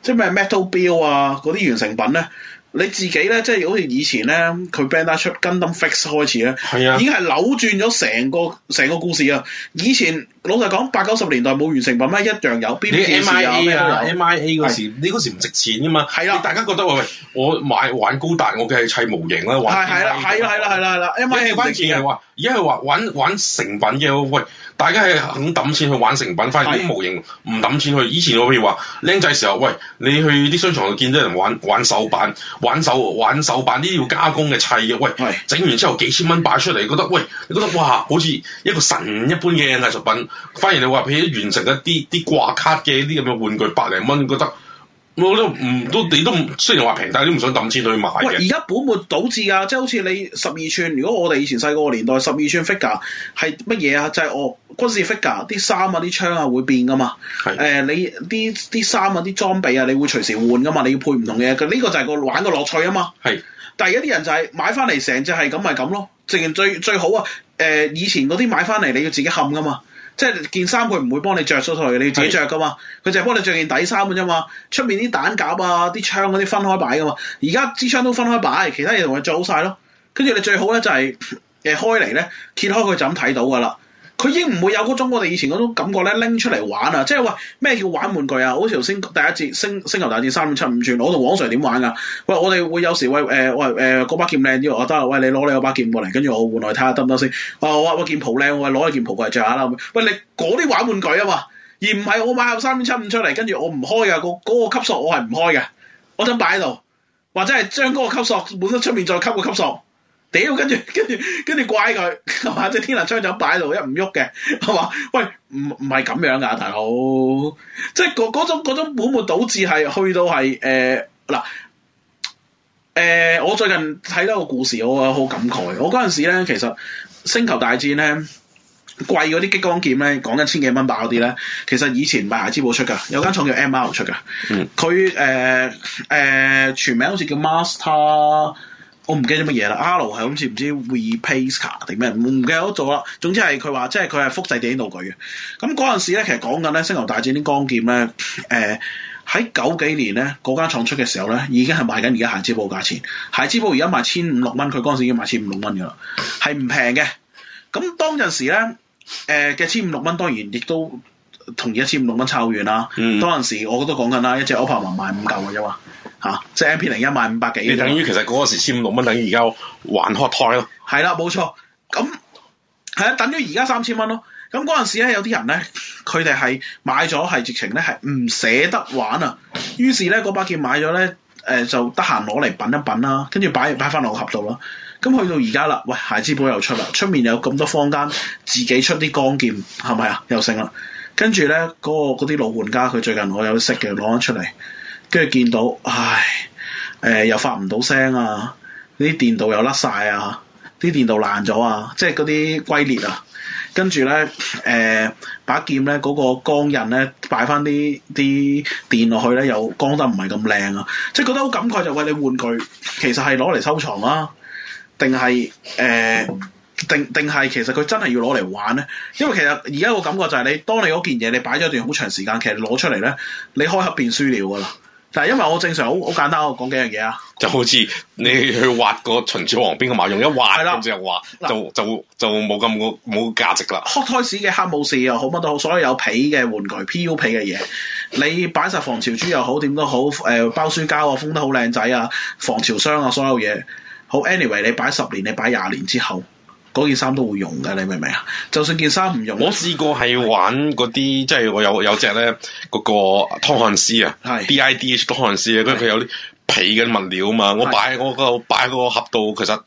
即係咩 metal build 啊嗰啲完成品咧。你自己咧，即係好似以前咧，佢 band 出 Gundam Fix 開始咧，啊、已經係扭轉咗成個成個故事啊！以前老實講，八九十年代冇完成品咩，一樣有邊啲 M I A 啊，M I A 嗰時，對你嗰時唔值錢噶嘛？係啦、啊，大家覺得喂喂，我買玩高達，我梗係砌模型啦，玩係啦係啦係啦係啦係啦，M I A 關鍵係話，而家係話玩玩成品嘅喂。大家係肯抌錢去玩成品，反而啲模型唔抌錢去。以前我譬如話，僆仔時候，喂，你去啲商場度見到人玩玩手板，玩手玩手板呢啲要加工嘅砌嘅，喂，係，整完之後幾千蚊擺出嚟，覺得喂，你覺得哇，好似一個神一般嘅藝術品。反而你話譬如完成一啲啲掛卡嘅啲咁嘅玩具，百零蚊覺得。我都唔都你都雖然話平，但係都唔想抌錢去買。喂！而家本末倒置啊，即係好似你十二寸，如果我哋以前細個年代十二寸 figure 係乜嘢啊？就係、是、我、哦、軍事 figure 啲衫啊、啲槍啊會變㗎嘛。係誒是、呃，你啲啲衫啊、啲裝備啊，你會隨時換㗎嘛。你要配唔同嘢，呢、這個就係個玩嘅樂趣啊嘛。係是，但係而啲人就係、是、買翻嚟成隻係咁，咪、就、咁、是、咯。直情最最好啊！誒、呃，以前嗰啲買翻嚟你要自己冚㗎嘛。即係件衫佢唔會幫你着出佢，你自己着噶嘛。佢淨係幫你着件底衫嘅啫嘛。出面啲彈夾啊、啲槍嗰、啊、啲、啊、分開擺噶嘛。而家支槍都分開擺，其他嘢同佢做好曬咯。跟住你最好咧就係、是、誒、呃、開嚟咧，揭開佢就咁睇到㗎啦。佢已經唔會有嗰種我哋以前嗰種感覺咧，拎出嚟玩啊！即係話咩叫玩玩具啊？好似頭先第一節《星星球大戰》三點七五寸，variety, 3, 5, 5, 6, 6, 6. 我同黃 Sir 點玩噶、啊？喂，我哋會有時喂誒喂誒嗰把劍靚啲，我得啦，喂你攞你嗰把劍過嚟，跟住我換嚟睇下得唔得先。啊，我話喂，件袍靚，我係攞你件袍過嚟着下啦。喂，你嗰啲玩玩具啊嘛，而唔係我買下三點七五出嚟，跟住我唔開噶，嗰嗰個級數我係唔開嘅，我想擺喺度，或者係將嗰個級數本身出面再級個級數。屌，跟住跟住跟住怪佢，係 (laughs) 嘛？即係天能槍就擺喺度一唔喐嘅，係嘛？喂，唔唔係咁樣噶大佬，即係個嗰種本末倒置係去到係誒嗱誒，我最近睇到個故事，我好感慨。我嗰陣時咧，其實星球大戰咧貴嗰啲激光劍咧，講緊千幾蚊百啲咧，其實以前孩之寶出㗎，有間廠叫 M R 出㗎，佢誒誒全名好似叫 Master。我唔記得乜嘢啦 a l 係好似唔知 w e p l s t e 卡定咩，唔記得咗做啦。總之係佢話，即係佢係複製電影道具嘅。咁嗰陣時咧，其實講緊咧，星球大戰啲光劍咧，誒、呃、喺九幾年咧，嗰間廠出嘅時候咧，已經係賣緊而家行之寶價錢。行之寶而家賣千五六蚊，佢嗰陣時已經賣千五六蚊㗎啦，係唔平嘅。咁當陣時咧，誒嘅千五六蚊當然亦都同而家千五六蚊差好遠啦。嗯、當陣時我覺得講緊啦，一隻 OPA 賣五嚿嘅啫嘛。吓、啊，即係 M P 零一賣五百幾，你等於其實嗰個時千五六蚊，等於而家玩 Hot Toy 咯。係啦，冇錯，咁係啊，等於而家三千蚊咯。咁嗰陣時咧，有啲人咧，佢哋係買咗係直情咧係唔捨得玩啊。於是咧，嗰把劍買咗咧，誒、呃、就得閒攞嚟品一品啦、啊，跟住擺擺翻落個盒度啦。咁去到而家啦，喂，孩之寶又出啦，出面有咁多坊間自己出啲光劍，係咪啊？又升啦。跟住咧，嗰、那個嗰啲老玩家，佢最近我有識嘅攞咗出嚟。跟住見到，唉，誒、呃、又發唔到聲啊！啲電鍍又甩晒啊！啲電鍍爛咗啊！即係嗰啲龜裂啊！跟住咧，誒、呃、把劍咧嗰、那個光刃咧擺翻啲啲電落去咧，又光得唔係咁靚啊！即係覺得好感慨、就是，就餵你玩具其實係攞嚟收藏啊，呃、定係誒定定係其實佢真係要攞嚟玩咧？因為其實而家個感覺就係你當你嗰件嘢你擺咗一段好長時間，其實攞出嚟咧，你開盒變輸了㗎啦！但係因為我正常好好簡單，我講幾樣嘢啊！就好似你去挖個秦始皇邊個馬，用一挖咁的就挖，就就就冇咁冇價值啦。開始嘅黑武士又好乜都好，所有有皮嘅玩具、PU 皮嘅嘢，你擺實防潮珠又好點都好，誒、呃、包書膠啊，封得好靚仔啊，防潮箱啊，所有嘢好。Anyway 你擺十年，你擺廿年之後。嗰件衫都會用嘅，你明唔明啊？就算件衫唔用，我試過係玩嗰啲，是即係我有有隻咧嗰個湯汗絲啊，BIDH 湯汗絲啊，跟住佢有啲皮嘅物料啊嘛，是我擺我個擺個盒度，其實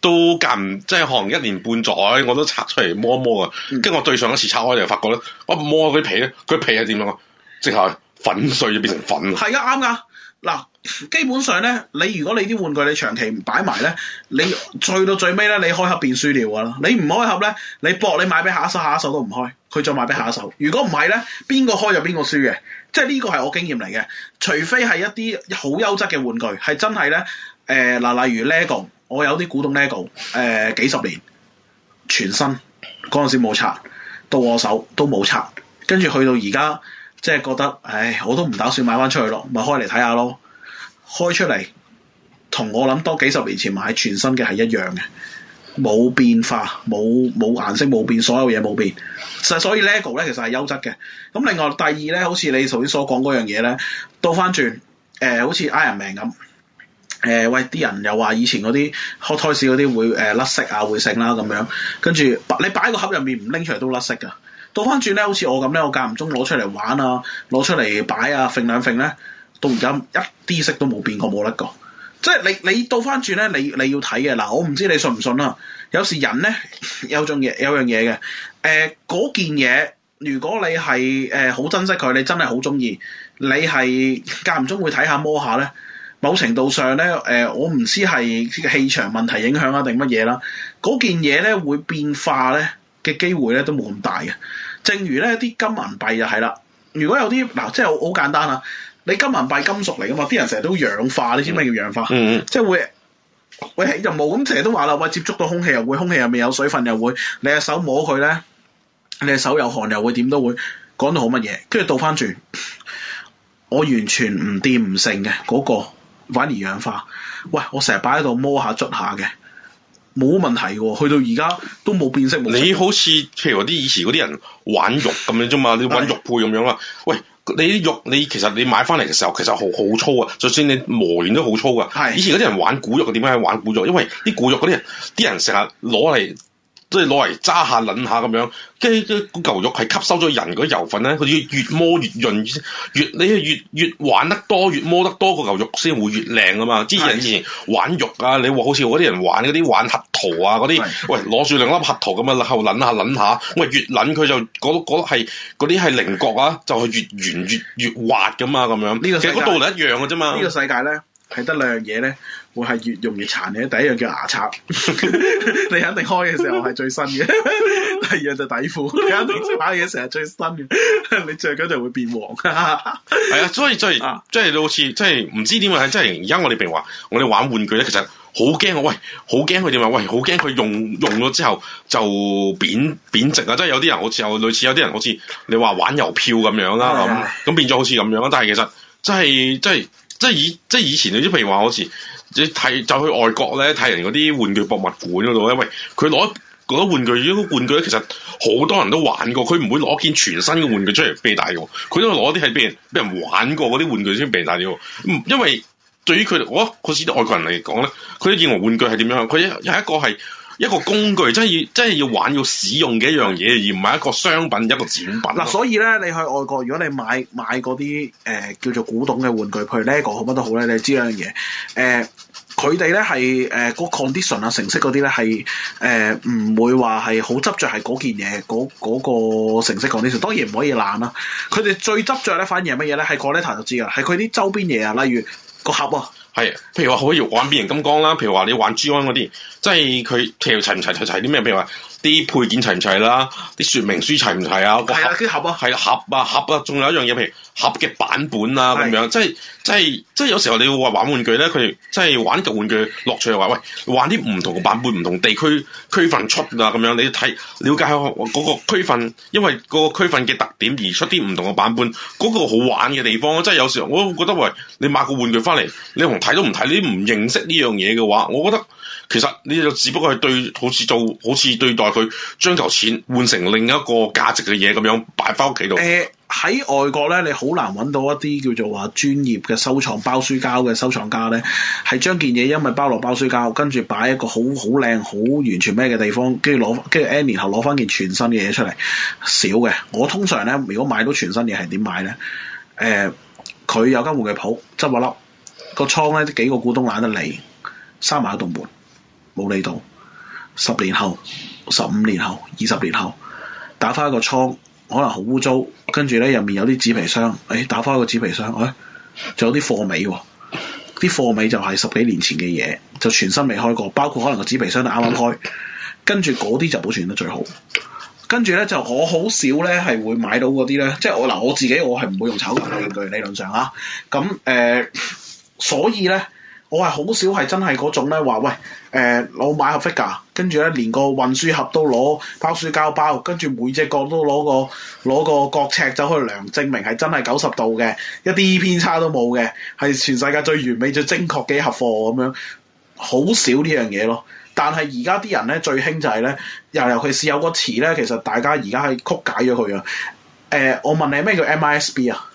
都隔唔即係可能一年半載我都拆出嚟摸一摸啊。跟住、嗯、我對上一次拆開就發覺咧，我摸佢皮咧，佢皮係點樣？即係粉碎就變成粉。係啊，啱啊。嗱。基本上咧，你如果你啲玩具你長期唔擺埋咧，你最到最尾咧，你開盒便輸掉啦。你唔開盒咧，你博你買俾下一手，下一手都唔開，佢再買俾下一手。如果唔係咧，邊個開就邊個輸嘅，即係呢個係我經驗嚟嘅。除非係一啲好優質嘅玩具，係真係咧。誒、呃、嗱，例如 Lego，我有啲古董 Lego，誒、呃、幾十年全新嗰陣時冇拆，到我手都冇拆。跟住去到而家即係覺得，唉，我都唔打算買翻出去看看咯，咪開嚟睇下咯。開出嚟，同我諗多幾十年前買全新嘅係一樣嘅，冇變化，冇冇顏色冇變，所有嘢冇變。實所以 LEGO 咧，其實係優質嘅。咁另外第二咧，好似你頭先所講嗰樣嘢咧，倒翻轉，誒、呃，好似 Iron Man 咁，誒、呃，喂，啲人又話以前嗰啲開胎式嗰啲會誒甩、呃、色啊，會剩啦咁樣，跟住你擺喺個盒入面唔拎出嚟都甩色噶。倒翻轉咧，好似我咁咧，我間唔中攞出嚟玩啊，攞出嚟擺啊，揈兩揈咧。到而家一啲色都冇變過，冇甩過。即係你你倒翻轉咧，你你，你要睇嘅嗱，我唔知你信唔信啦。有時人咧 (laughs) 有種嘢有樣嘢嘅誒，嗰、呃、件嘢如果你係誒好珍惜佢，你真係好中意，你係間唔中會睇下摸下咧。某程度上咧誒、呃，我唔知係氣場問題影響啊定乜嘢啦。嗰件嘢咧會變化咧嘅機會咧都冇咁大嘅。正如咧啲金銀幣就係啦，如果有啲嗱，即係好簡單啦。你金銀幣金屬嚟噶嘛？啲人成日都氧化，你知咩叫氧化？嗯，即係會喂係又冇咁成日都話啦，喂，喂接觸到空氣又會，空氣入面有水分又會，你隻手摸佢咧，你隻手有汗又會，點都會，講到好乜嘢？跟住倒返轉，我完全唔掂唔剩嘅嗰個反而氧化。喂，我成日擺喺度摸下捽下嘅，冇問題嘅。去到而家都冇變色。色你好似譬如啲以前嗰啲人玩玉咁樣啫嘛，你玩玉佩咁樣啦。喂。你啲玉，你其實你買翻嚟嘅時候其實好好粗啊，就算你磨完都好粗噶係。以前嗰啲人玩古玉，點解玩古玉？因為啲古玉嗰啲人啲人成日攞嚟。即係攞嚟揸下撚下咁樣，即即牛肉係吸收咗人嗰啲油分咧，佢要越摸越潤越你係越越玩得多，越摸得多，這個牛肉先會越靚噶嘛。之前的以前玩肉啊，你話好似嗰啲人玩啲玩核桃啊嗰啲，的喂攞住兩粒核桃咁樣，後撚下撚下，我越撚佢就嗰嗰係嗰啲係菱角啊，就係越圓越越滑噶嘛，咁樣。其實嗰道理一樣嘅啫嘛。呢個世界咧。睇得兩樣嘢咧，會係越容易殘起。第一樣叫牙刷， (laughs) (laughs) 你肯定開嘅時候係最新嘅； (laughs) 第二樣就底褲，你肯定玩嘢成日最新嘅。你著緊就會變黃。係 (laughs) 啊，所以，所以、啊、即係即係好似即係唔知點解，即係而家我哋譬如話，我哋玩玩具咧，其實好驚。喂，好驚佢點啊？喂，好驚佢用用咗之後就貶貶值啊！即係有啲人好似有類似有啲人好似你話玩郵票咁樣啦，咁咁是、啊嗯、變咗好似咁樣啦。但係其實即係即係。即係以即係以前，你都譬如話，嗰時你睇就去外國咧睇人嗰啲玩具博物館嗰度，因為佢攞攞玩具，啲玩具其實好多人都玩過，佢唔會攞件全新嘅玩具出嚟俾人睇，佢都攞啲係俾人俾人玩過嗰啲玩具先俾人睇，因為對於佢我好似啲外國人嚟講咧，佢啲洋玩具係點樣？佢有一個係。一個工具，真係要真係要玩要使用嘅一樣嘢，而唔係一個商品，一個展品。嗱、啊，所以咧，你去外國，如果你買買嗰啲誒叫做古董嘅玩具，譬如呢、呢個好乜都好咧，你知嗰樣嘢誒，佢哋咧係誒個 condition 啊成色嗰啲咧係誒唔會話係好執着，係嗰件嘢嗰個成色 condition。當然唔可以爛啦。佢哋最執着咧反而係乜嘢咧？喺 collector 就知㗎，係佢啲周邊嘢啊，例如個盒啊。係，譬如話可以玩變形金剛啦，譬如話你玩 G1 嗰啲，即係佢譬如齊唔齊齊齊啲咩？譬如話啲配件齊唔齊啦，啲說明書齊唔齊啊？係啊，啲盒啊，係盒啊盒啊，仲、啊、有一樣嘢，譬如盒嘅版本啊，咁樣，即係即係即係有時候你會話玩玩具咧，佢即係玩個玩具樂趣係話喂，玩啲唔同嘅版本，唔同地區區份出啊，咁樣，你睇了解下嗰個區份，因為嗰個區份嘅特點而出啲唔同嘅版本，嗰、嗰個好玩嘅地方，即係有時候我都覺得喂，你買個玩具翻嚟，你同睇都唔睇，你唔認識呢樣嘢嘅話，我覺得其實你就只不過係對好似做好似對待佢將嚿錢換成另一個價值嘅嘢咁樣擺翻屋企度。誒喺、呃、外國咧，你好難揾到一啲叫做話專業嘅收藏包書膠嘅收藏家咧，係將件嘢因為包落包書膠，跟住擺一個好好靚好完全咩嘅地方，跟住攞跟住 n 年後攞翻件全新嘅嘢出嚟少嘅。我通常咧，如果買到全新嘢係點買咧？誒、呃，佢有間玩具鋪，執個笠。個倉咧，幾個股東懶得嚟，閂埋一道門，冇理到。十年後、十五年後、二十年後，打翻一個倉，可能好污糟。跟住咧，入面有啲紙皮箱，誒、哎，打翻個紙皮箱，誒、哎，仲有啲貨尾，啲、哦、貨尾就係十幾年前嘅嘢，就全新未開過，包括可能個紙皮箱都啱啱開。跟住嗰啲就保存得最好。跟住咧，就我好少咧係會買到嗰啲咧，即係我嗱我自己，我係唔會用炒股嘅工具，理論上啊，咁誒。呃所以咧，我係好少係真係嗰種咧，話喂，誒、呃，我買盒 figure 跟住咧，連個運輸盒都攞包書膠包，跟住每隻角都攞個攞個角尺走去量，證明係真係九十度嘅，一啲偏差都冇嘅，係全世界最完美最精確嘅一盒貨咁樣，好少呢樣嘢咯。但係而家啲人咧最興就係、是、咧，又尤其是有個詞咧，其實大家而家係曲解咗佢啊。誒、呃，我問你咩叫 MISB 啊？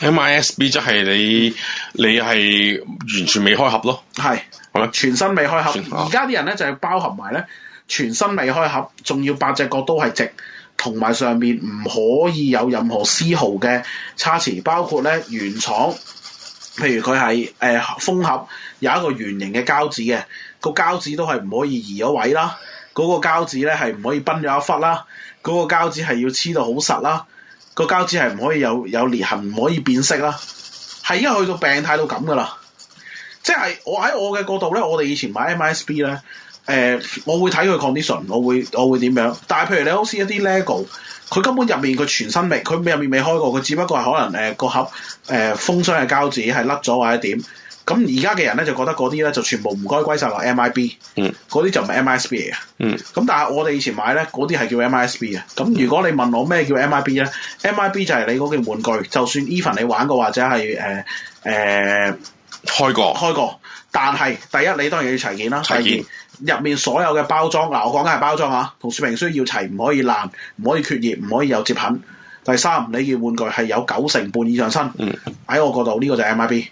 MISB 即係你，你係完全未開盒咯，係是，係咯嗎，全新未開盒。而家啲人咧就係包含埋咧，全新未開盒，仲要八隻角都係直，同埋上面唔可以有任何絲毫嘅差池，包括咧原廠，譬如佢係誒封盒有一個圓形嘅膠紙嘅，膠紙嗰個膠紙都係唔可以移咗位啦，嗰、嗰個膠紙咧係唔可以崩咗一忽啦，嗰個膠紙係要黐到好實啦。個膠紙係唔可以有有裂痕，唔可以變色啦。係因為去到病態到咁噶啦，即係我喺我嘅角度咧，我哋以前買 MISB 咧，誒、呃、我會睇佢 condition，我會我會點樣。但係譬如你好似一啲 Lego，佢根本入面佢全新未，佢入面未開過，佢只不過係可能誒、呃、個盒誒、呃、封箱嘅膠紙係甩咗或者點。咁而家嘅人咧就覺得嗰啲咧就全部唔該歸晒落 MIB，嗰啲就唔係 MIB 嚟嘅。咁、嗯、但係我哋以前買咧嗰啲係叫 MIB 嘅。咁如果你問我咩叫 MIB 咧、嗯？MIB 就係你嗰件玩具，就算 even 你玩過或者係誒誒開過，開過，開過。但係第一你當然要齊件啦，齊件見入面所有嘅包裝，嗱我講緊係包裝嚇，同說明書要齊，唔可以爛，唔可以缺頁，唔可以有折痕。第三你件玩具係有九成半以上新，喺、嗯、我嗰度呢、呢個就係 MIB。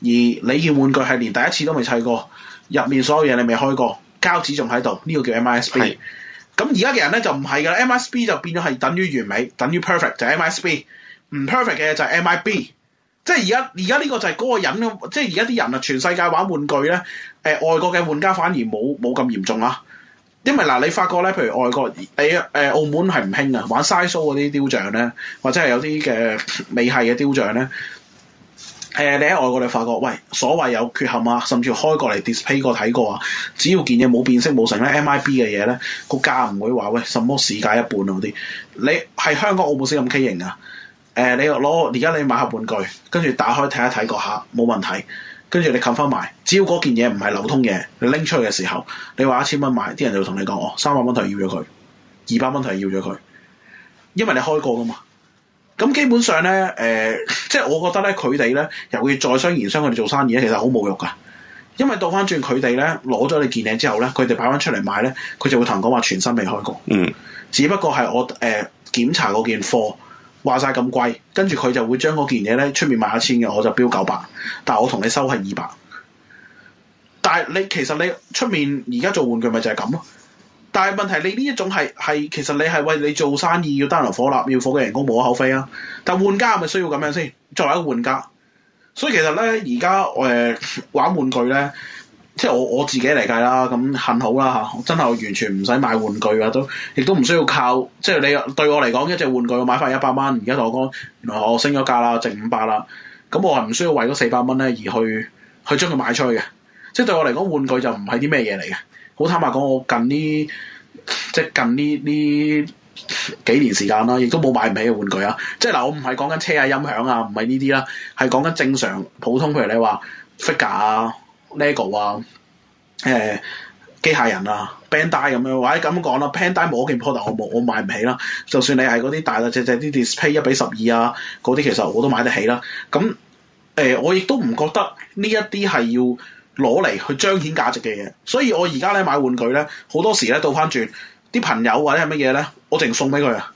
而你件玩具係連第一次都未砌過，入面所有嘢你未開過，膠紙仲喺度，呢、這個叫 MISB。咁而家嘅人咧就唔係嘅 MISB 就變咗係等於完美，等於 perfect 就, b, 就 MISB 唔 perfect 嘅就係 MIB。即係而家而家呢個就係嗰個人，即係而家啲人啊，全世界玩玩具咧，誒、呃、外國嘅玩家反而冇冇咁嚴重啊，因為嗱、呃、你發覺咧，譬如外國你誒、呃、澳門係唔興啊，玩 Sideshow 嗰啲雕像咧，或者係有啲嘅、呃、美系嘅雕像咧。誒、呃，你喺外國你發覺，喂，所謂有缺陷啊，甚至開過嚟 display 過睇過啊，只要件嘢冇變色冇成咧，MIB 嘅嘢咧，個價唔會話，喂，什麼市價一半啊嗰啲。你係香港澳門先咁畸形啊？誒、呃，你攞而家你買下玩具，跟住打開睇一睇個盒，冇問題。跟住你冚翻埋，只要嗰件嘢唔係流通嘢，你拎出去嘅時候，你話一千蚊買，啲人就會同你講，我三百蚊台要咗佢，二百蚊台要咗佢，因為你開過噶嘛。咁基本上咧，誒、呃，即係我覺得咧，佢哋咧，又會在商言商，佢哋做生意咧，其實好冇慾噶。因為倒翻轉佢哋咧，攞咗你件嘢之後咧，佢哋擺翻出嚟賣咧，佢就會同人講話全新未開過。嗯。只不過係我誒、呃、檢查嗰件貨，話晒咁貴，跟住佢就會將嗰件嘢咧出面賣一千嘅，我就標九百，但係我同你收係二百。但係你其實你出面而家做玩具咪就係咁咯？但係問題，你呢一種係係其實你係為你做生意要燈油火蠟，要火嘅人工冇可厚非啊！但係玩家係咪需要咁樣先作為一個玩家？所以其實咧，而家誒玩玩具咧，即係我我自己嚟計啦，咁幸好啦嚇，真係我完全唔使買玩具啊，都亦都唔需要靠即係你對我嚟講一隻玩具，我買翻一百蚊，而家同我講原來我升咗價啦，值五百啦，咁我係唔需要為嗰四百蚊咧而去去，去將佢賣出去嘅，即係對我嚟講玩具就唔係啲咩嘢嚟嘅。好坦白講，我近呢即係近呢呢幾年時間啦，亦都冇買唔起嘅玩具啊！即係嗱，我唔係講緊車啊、音響啊，唔係呢啲啦，係講緊正常普通，譬如你話 figure 啊、lego 啊、誒、呃、機械人啊、bandai 咁樣，或者咁講啦，bandai 某件 product 我冇，我買唔起啦。就算你係嗰啲大大隻隻啲 display 一比十二啊，嗰啲其實我都買得起啦。咁誒、呃，我亦都唔覺得呢一啲係要。攞嚟去彰顯價值嘅嘢，所以我而家咧買玩具咧，好多時咧倒翻轉，啲朋友或者係乜嘢咧，我淨送俾佢啊，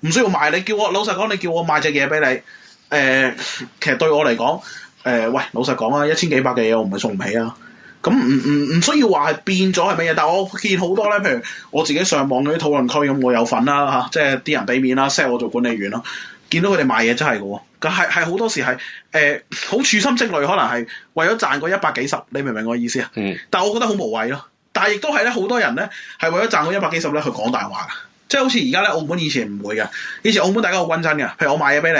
唔需要賣，你叫我，老實講，你叫我賣隻嘢俾你，誒、呃，其實對我嚟講，誒、呃，喂，老實講啊，一千幾百嘅嘢我唔係送唔起啊，咁唔唔唔需要話係變咗係乜嘢，但係我見好多咧，譬如我自己上網嗰啲討論區咁，我有份啦、啊、嚇、啊，即係啲人俾面啦，set 我做管理員咯。見到佢哋賣嘢真係㗎喎，咁係係好多時係誒好處心積慮，可能係為咗賺嗰一百幾十，你明唔明我意思啊？嗯。但我覺得好無謂咯。但係亦都係咧，好多人咧係為咗賺嗰一百幾十咧，去講大話，即係好似而家咧，澳門以前唔會嘅，以前澳門大家好均真嘅，譬如我賣嘢俾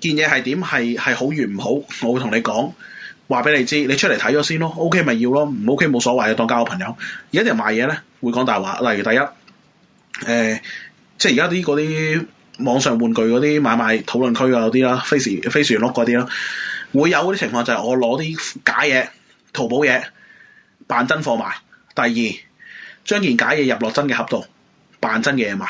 你，件嘢係點係係好與唔好，我會同你講，話俾你知，你出嚟睇咗先咯，OK 咪要咯，唔 OK 冇所謂嘅，當交個朋友。而家啲人賣嘢咧會講大話，例如第一誒、呃，即係而家啲嗰啲。網上玩具嗰啲買賣討論區啊，有啲啦，飛時飛船屋嗰啲啦，會有嗰啲情況就係我攞啲假嘢，淘寶嘢，扮真貨賣。第二，將件假嘢入落真嘅盒度，扮真嘅嘢賣。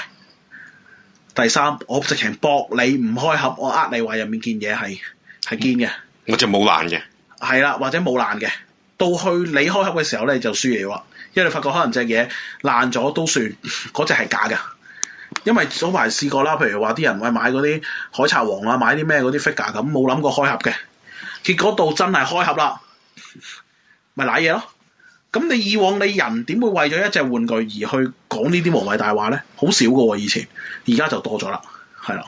第三，我直情搏你唔開盒，我呃你話入面件嘢係係堅嘅，我就冇爛嘅。係啦，或者冇爛嘅，到去你開盒嘅時候咧就輸嘢啦，因為你發覺可能隻嘢爛咗都算，嗰隻係假㗎。因為早排試過啦，譬如話啲人會買嗰啲海賊王啊，買啲咩嗰啲 figure 咁，冇諗過開盒嘅，結果到真係開盒啦，咪瀨嘢咯。咁你以往你人點會為咗一隻玩具而去講呢啲無謂大話咧？好少㗎喎，啊，以前，而家就多咗啦，係啦。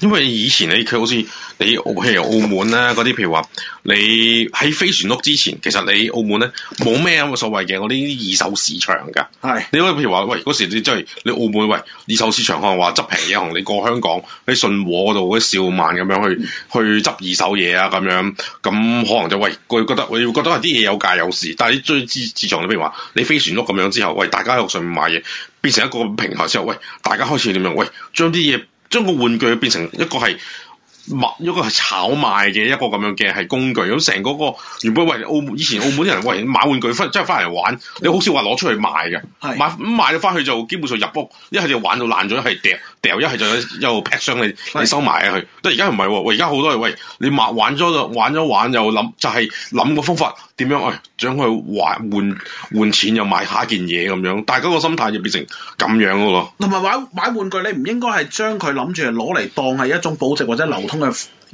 因為以前你佢好似你譬如澳門咧嗰啲，譬如話你喺飛船屋之前，其實你澳門咧冇咩咁嘅所謂嘅，我啲二手市場噶。係是你嗰譬如話喂，嗰時你即係你澳門喂二手市場可能話執平嘢同你過香港喺信和嗰度嗰啲兆萬咁樣去去執二手嘢啊，咁樣，咁、嗯、可能就喂佢覺得佢覺得啲嘢有價有市。但係你追市市場，你譬如話你飛船屋咁樣之後，喂大家喺上面買嘢，變成一個平台之後，喂大家開始點樣？喂將啲嘢。將個玩具變成一個係賣一個係炒賣嘅一個咁樣嘅係工具。咁成嗰個原本喂，澳以前澳門啲人喂買玩具翻即係翻嚟玩，你好少話攞出去賣嘅，買咁買咗翻去就基本上入屋，一係就玩到爛咗，一係跌。一係就一路劈箱你嚟收埋佢。即係而家唔係，而家好多喂，你買玩咗，就玩咗玩又諗，就係諗個方法點樣，將佢換換換錢又買下一件嘢咁樣。大家個心態就變成咁樣咯。同埋買買玩具，你唔應該係將佢諗住攞嚟當係一種保值或者流通嘅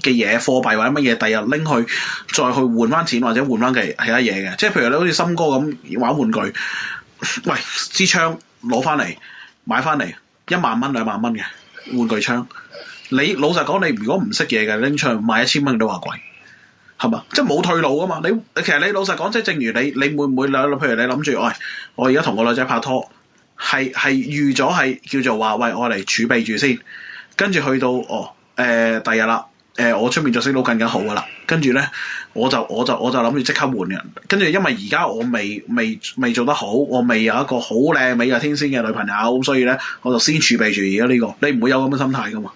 嘅嘢，貨幣或者乜嘢，第日拎去再去換翻錢或者換翻其其他嘢嘅。即係譬如你好似森哥咁玩玩具，喂支槍攞翻嚟買翻嚟。一萬蚊兩萬蚊嘅玩具槍，你老實講，你如果唔識嘢嘅，拎出嚟賣一千蚊都話貴，係嘛？即係冇退路噶嘛？你其實你老實講，即係正如你，你會唔會諗？譬如你諗住、哎，喂，我而家同個女仔拍拖，係係預咗係叫做話，喂，我嚟儲備住先，跟住去到哦，誒、呃，第日啦，誒、呃，我出面就識到更加好噶啦，跟住咧。我就我就我就諗住即刻換人，跟住因為而家我未未未做得好，我未有一個好靚美嘅天仙嘅女朋友，咁所以咧我就先儲備住而家呢個，你唔會有咁嘅心態噶嘛？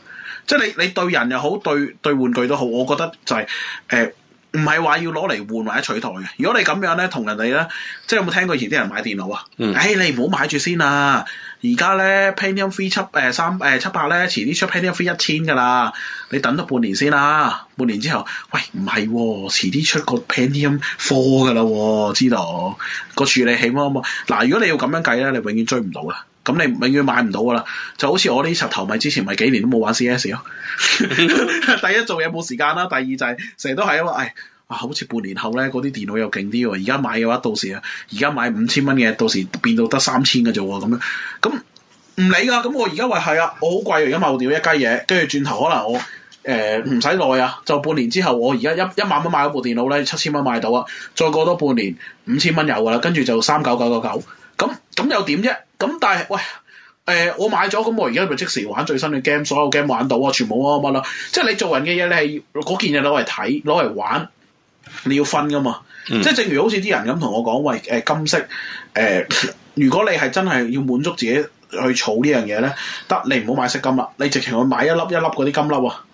即係你你對人又好，對對玩具都好，我覺得就係、是、誒。呃唔係話要攞嚟換或者取代嘅。如果你咁樣咧，同人哋咧，即係有冇聽過以前啲人買電腦啊？嗯，誒、哎，你唔好買住先啦、啊。而家咧 Pentium Three 七誒、呃、三誒、呃、七百咧，遲啲出 Pentium Three 一千噶啦。你等咗半年先啦、啊。半年之後，喂，唔係、啊，遲啲出個 Pentium Four 噶啦，知道、那個處理器乜乜。嗱，如果你要咁樣計咧，你永遠追唔到啊！咁你永遠買唔到㗎啦，就好似我呢頭咪之前咪幾年都冇玩 CS 咯。 (laughs) 第一做嘢冇時間啦，第二就係成日都係因為，誒啊好似半年後咧嗰啲電腦又勁啲喎，而家買嘅話到時啊，而家買五千蚊嘅到時變到得三千㗎啫喎，咁樣咁唔理㗎，咁我而家話係啊，我好貴而家買掉一間嘢，跟住轉頭可能我。誒唔使耐啊！就半年之後我，我而家一一萬蚊買一部電腦咧，七千蚊買到啊！再過多半年，五千蚊有㗎啦，跟住就三九九九九。咁、嗯、咁又點啫？咁、嗯、但係喂誒、呃，我買咗咁，我而家咪即時玩最新嘅 game，所有 game 玩到啊，全部乜乜啦！即係你做人嘅嘢，你係嗰件嘢攞嚟睇，攞嚟玩，你要分㗎嘛！嗯、即係正如好似啲人咁同我講，喂誒、呃、金色誒、呃，如果你係真係要滿足自己去儲呢樣嘢咧，得你唔好買色金啦，你直情去買一粒一粒嗰啲金粒啊！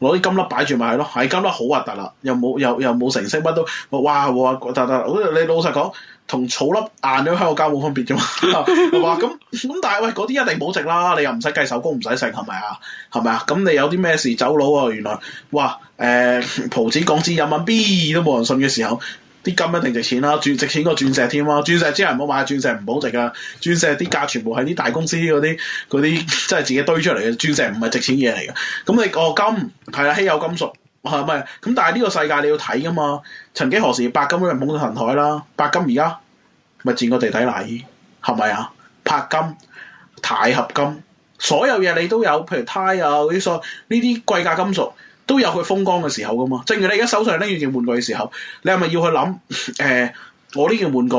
攞啲金粒擺住咪係咯，係金粒好核突啦，又冇又又冇成色乜都，哇哇得得，你老實講，同草粒硬咗喺個膠冇分別啫嘛，係嘛？ (laughs) 咁咁但係喂，嗰啲一定保值啦，你又唔使計手工，唔使成係咪啊？係咪啊？咁你有啲咩事走佬啊？原來，哇誒，葡、呃、紙港紙有問 B 都冇人信嘅時候。啲金一定值錢啦，鑽值錢過鑽石添咯，鑽石之係唔好買，鑽石唔保值噶。鑽石啲價全部係啲大公司嗰啲嗰啲，即係自己堆出嚟嘅。鑽石唔係值錢嘢嚟嘅。咁你個、哦、金係啊稀有金屬，係咪？咁但係呢個世界你要睇噶嘛？曾幾何時，白金都係捧到神台啦，白金而家咪佔個地底泥，係咪啊？鉑金、鈦合金，所有嘢你都有，譬如鈦啊嗰啲，呢啲貴價金屬。都有佢風光嘅時候㗎嘛？正如你而家手上拎住件玩具嘅時候，你係咪要去諗？誒、呃，我呢件玩具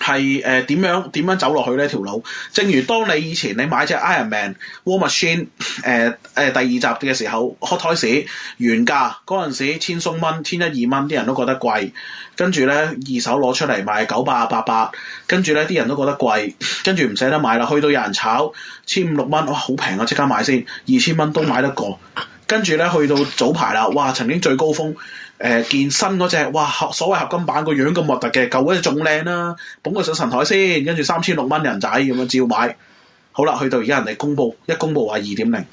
係誒點樣點樣走落去呢條路？正如當你以前你買隻 Iron Man War Machine 誒、呃、誒、呃、第二集嘅時候，Hot Toys 原價嗰陣時千鬆蚊、千一二蚊，啲人都覺得貴，跟住咧二手攞出嚟賣九百八百，跟住咧啲人都覺得貴，跟住唔捨得買啦，去到有人炒千五六蚊，哇，好平啊，即刻買先，二千蚊都買得過。跟住咧，去到早排啦，哇！曾經最高峰，誒見新嗰隻，哇，合所謂合金版個樣咁核突嘅舊嗰隻仲靚啦，捧佢上神台先，跟住三千六蚊人仔咁樣照買。好啦，去到而家人哋公布，一公布話二點零，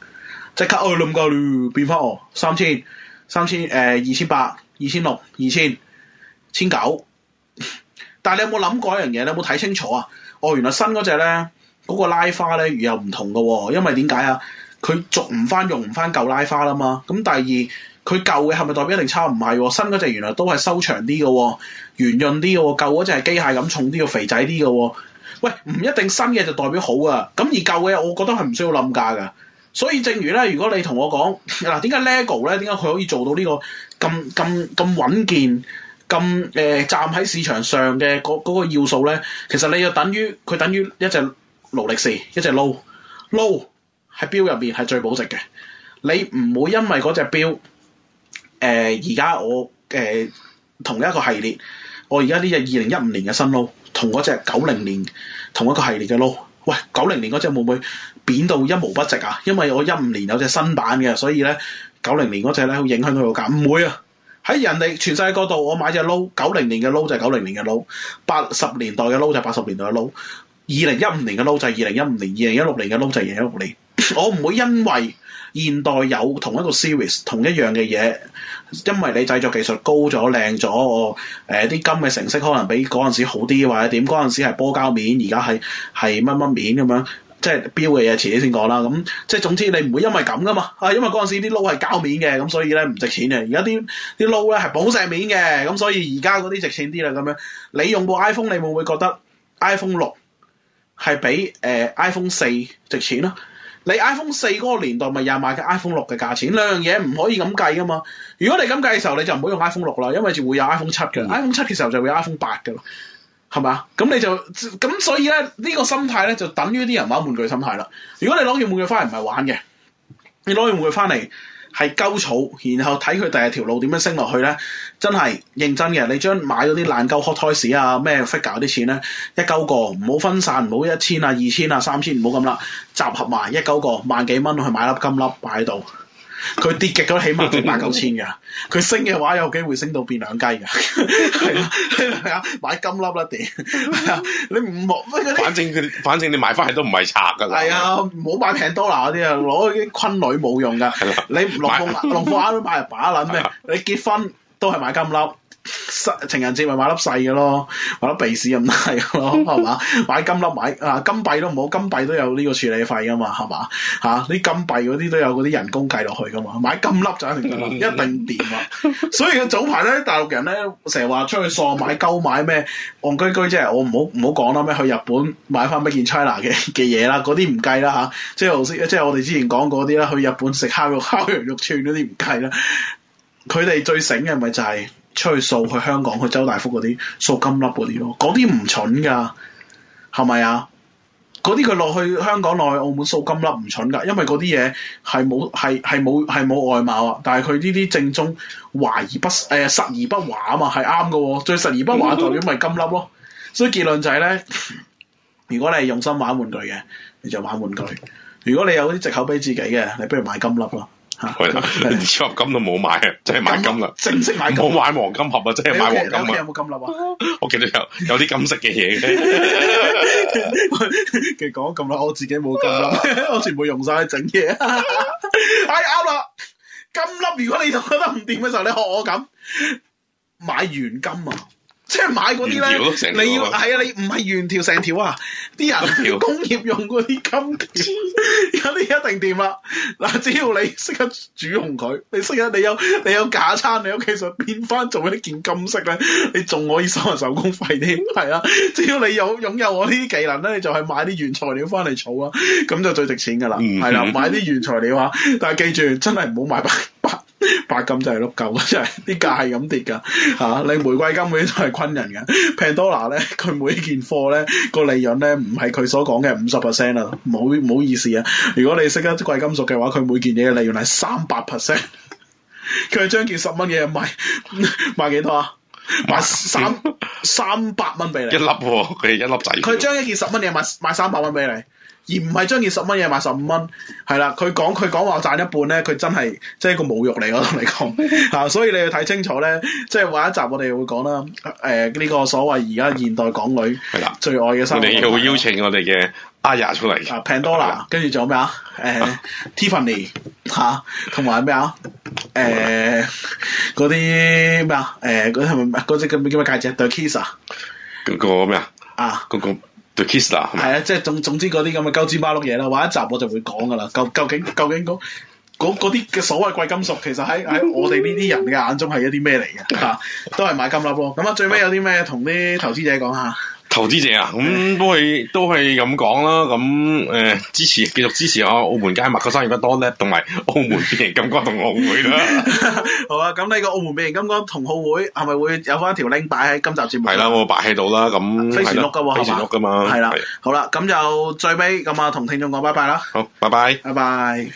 即刻我諗噶啦，變翻哦，三千三千誒二千八二千六二千千九。2, 8, 2, 6, 2, 000, 1, 9, (laughs) 但係你有冇諗過一樣嘢？你有冇睇清楚啊？哦，原來新嗰隻咧嗰、那個拉花咧如有唔同噶、哦，因為點解啊？佢續唔翻，用唔翻舊拉花啦嘛。咁第二，佢舊嘅係咪代表一定差？唔係，新嗰隻原來都係收長啲嘅，圓潤啲嘅。舊嗰隻係機械咁重啲嘅，肥仔啲嘅。喂，唔一定新嘅就代表好啊。咁而舊嘅，我覺得係唔需要冧價㗎。所以正如咧，如果你同我講嗱，點、啊、解 Lego 咧，點解佢可以做到呢、這個咁咁咁穩健，咁誒、呃、站喺市場上嘅嗰、那個要素咧？其實你就等於佢等於一隻勞力士，一隻錶，錶。喺錶入面係最保值嘅。你唔會因為嗰隻錶，誒而家我誒、呃、同一個系列，我而家呢隻二零一五年嘅新勞，同嗰隻九零年同一個系列嘅勞，喂九零年嗰隻會唔會貶到一毛不值啊？因為我一五年有隻新版嘅，所以咧九零年嗰隻咧會影響佢個價，唔會啊！喺人哋全世界度，我買隻勞，九零年嘅勞就係九零年嘅勞，八十年代嘅勞就係八十年代嘅勞，二零一五年嘅勞就係二零一五年，二零一六年嘅勞就係二零一六年。我唔會因為現代有同一個 series 同一樣嘅嘢，因為你製作技術高咗、靚咗，誒、哦、啲、呃、金嘅成色可能比嗰陣時好啲，或者點嗰陣時係波膠面，而家係係乜乜面咁樣，即係標嘅嘢遲啲先講啦。咁即係總之你唔會因為咁㗎嘛啊，因為嗰陣時啲撈係膠面嘅，咁所以咧唔值錢嘅。而家啲啲撈咧係寶石面嘅，咁所以而家嗰啲值錢啲啦。咁樣你用部 iPhone，你會唔會覺得6、呃、iPhone 六係比誒 iPhone 四值錢咯？你 iPhone 四嗰個年代咪又買緊 iPhone 六嘅價錢，兩樣嘢唔可以咁計噶嘛。如果你咁計嘅時候，你就唔好用 iPhone 六啦，因為就會有 iPhone 七嘅。iPhone 七嘅時候就係會有 iPhone 八嘅咯，係咪啊？咁你就咁，所以咧呢、呢個心態咧就等於啲人玩，玩玩具心態啦。如果你攞完，完，完，完玩具翻嚟唔係玩嘅，你攞完玩具翻嚟。係鳩草，然後睇佢第二條路點樣升落去咧，真係認真嘅。你將買咗啲爛鳩 hot toys 啊、咩 figure 啲錢咧，一鳩個，唔好分散，唔好一千啊、二千啊、三千，唔好咁啦，集合埋一鳩個萬幾蚊去買粒金粒擺喺度。佢 (laughs) 跌極都起碼跌八九千嘅，佢升嘅話有機會升到變兩雞嘅，係啊係啊，買金粒啦點。係啊你唔好，反正佢，反正你買翻嚟都唔係拆㗎啦。係啊，唔好買拼多多嗰啲啊，攞啲昆女冇用㗎。係啦的，你農夫農夫都買入買 (laughs) 把撚咩？你結婚都係買金粒。細情人節咪買粒細嘅咯，買粒鼻屎咁大嘅咯，係嘛？買金粒買金金啊，金幣都唔好，金幣都有呢個處理費㗎嘛，係嘛？吓？啲金幣嗰啲都有嗰啲人工計落去㗎嘛，買金粒就一定一定掂啦、啊。所以個早排咧，大陸人咧成日話出去喪買鳩買咩戇居居，即係我唔好唔好講啦，咩去日本買翻乜件 China 嘅嘅嘢啦，嗰啲唔計啦吓、啊？即係好似即係我哋之前講嗰啲啦，去日本食烤肉、烤羊肉，肉串嗰啲唔計啦。佢哋最醒嘅咪就係、是。出去掃去香港去周大福嗰啲掃金粒嗰啲咯，嗰啲唔蠢噶，係咪啊？嗰啲佢落去香港落去澳門掃金粒唔蠢噶，因為嗰啲嘢係冇係係冇係冇外貌啊，但係佢呢啲正宗華而不誒、呃、實而不華啊嘛，係啱嘅喎，最實而不華代表咪金粒咯。所以結論就係、是、咧，如果你係用心玩玩具嘅，你就玩玩具；如果你有嗰啲藉口俾自己嘅，你不如買金粒咯。係啦，啊、 (laughs) 連超合金都冇買，即係金買金啦，正式買冇買黃金盒啊，即係買黃金，盒你有冇金粒啊！ (laughs) 我見到有有啲金色嘅嘢，其實講咁耐，我自己冇金粒。 (laughs) (laughs) 我全部用晒去整嘢，係啱啦。金粒如果你覺得唔掂嘅時候，你學我咁買原金啊！即係買嗰啲咧，條你要係啊，你唔係原條成條啊，啲人工業用嗰啲金條，有啲條 (laughs) 一定掂啦。嗱，只要你識得煮紅佢，你識得你有你有假餐，你屋企上變翻做呢件金色咧，你仲可以收人手工費添。係啊！只要你有擁有我呢啲技能咧，你就係買啲原材料翻嚟儲啊，咁就最值錢噶啦。係啦、嗯哼 啊，買啲原材料啊，但係記住真係唔好買。白金就係碌夠啦，真係啲價係咁跌㗎嚇。你、啊、玫瑰金嗰啲都係昆人嘅。Pandora 咧，佢每件貨咧，個利潤咧唔係佢所講嘅五十 percent 啦，唔好唔好意思啊。如果你識得貴金屬嘅話，佢每件嘢嘅利潤係三百 percent。佢 (laughs) 將件十蚊嘢賣賣幾多啊？賣三 (laughs) 三百蚊俾你。一粒喎、哦，佢一粒仔。佢將一件十蚊嘢賣賣三百蚊俾你。而唔係將件十蚊嘢賣十五蚊，係啦。佢講佢講話賺一半咧，佢真係即係一個侮辱嚟我同你講嚇。 (laughs) 所以你要睇清楚咧。即係下一集我哋會講啦。誒呢個所謂而家現代港女係啦，最愛嘅生活。我哋要邀請我哋嘅阿雅出嚟。啊，Pandora，跟住仲有咩、呃、 (laughs) 啊？誒，Tiffany 嚇，同埋咩啊？誒嗰啲咩啊？誒嗰啲係咪嗰隻咁叫咩戒指？對 Kiss 嗰個咩啊？啊，嗰個。k i s 琪峯係啊，即 (noise) 係吧總總之嗰啲咁嘅鳩之巴碌嘢啦，話一集我就會講噶啦，究究竟究竟嗰。嗰啲嘅所謂貴金屬，其實喺喺我哋呢啲人嘅眼中係一啲咩嚟嘅嚇，都係買金粒咯。咁啊，最尾有啲咩同啲投資者講下？投資者、嗯、啊，咁都係都係咁講啦。咁誒支持繼續支持下澳門街物嘅生意得多咧，同埋澳門變形金剛同澳會啦。好啊，咁呢個澳門變形金剛同澳會係咪會有翻條 link 擺喺今集節目？係啦、啊，我擺喺度啦。咁飛船碌噶、啊啊、嘛，飛船碌噶嘛。係啦、啊，啊、好啦、啊，咁就最尾咁啊，同聽眾講拜拜啦。好，拜拜，拜拜。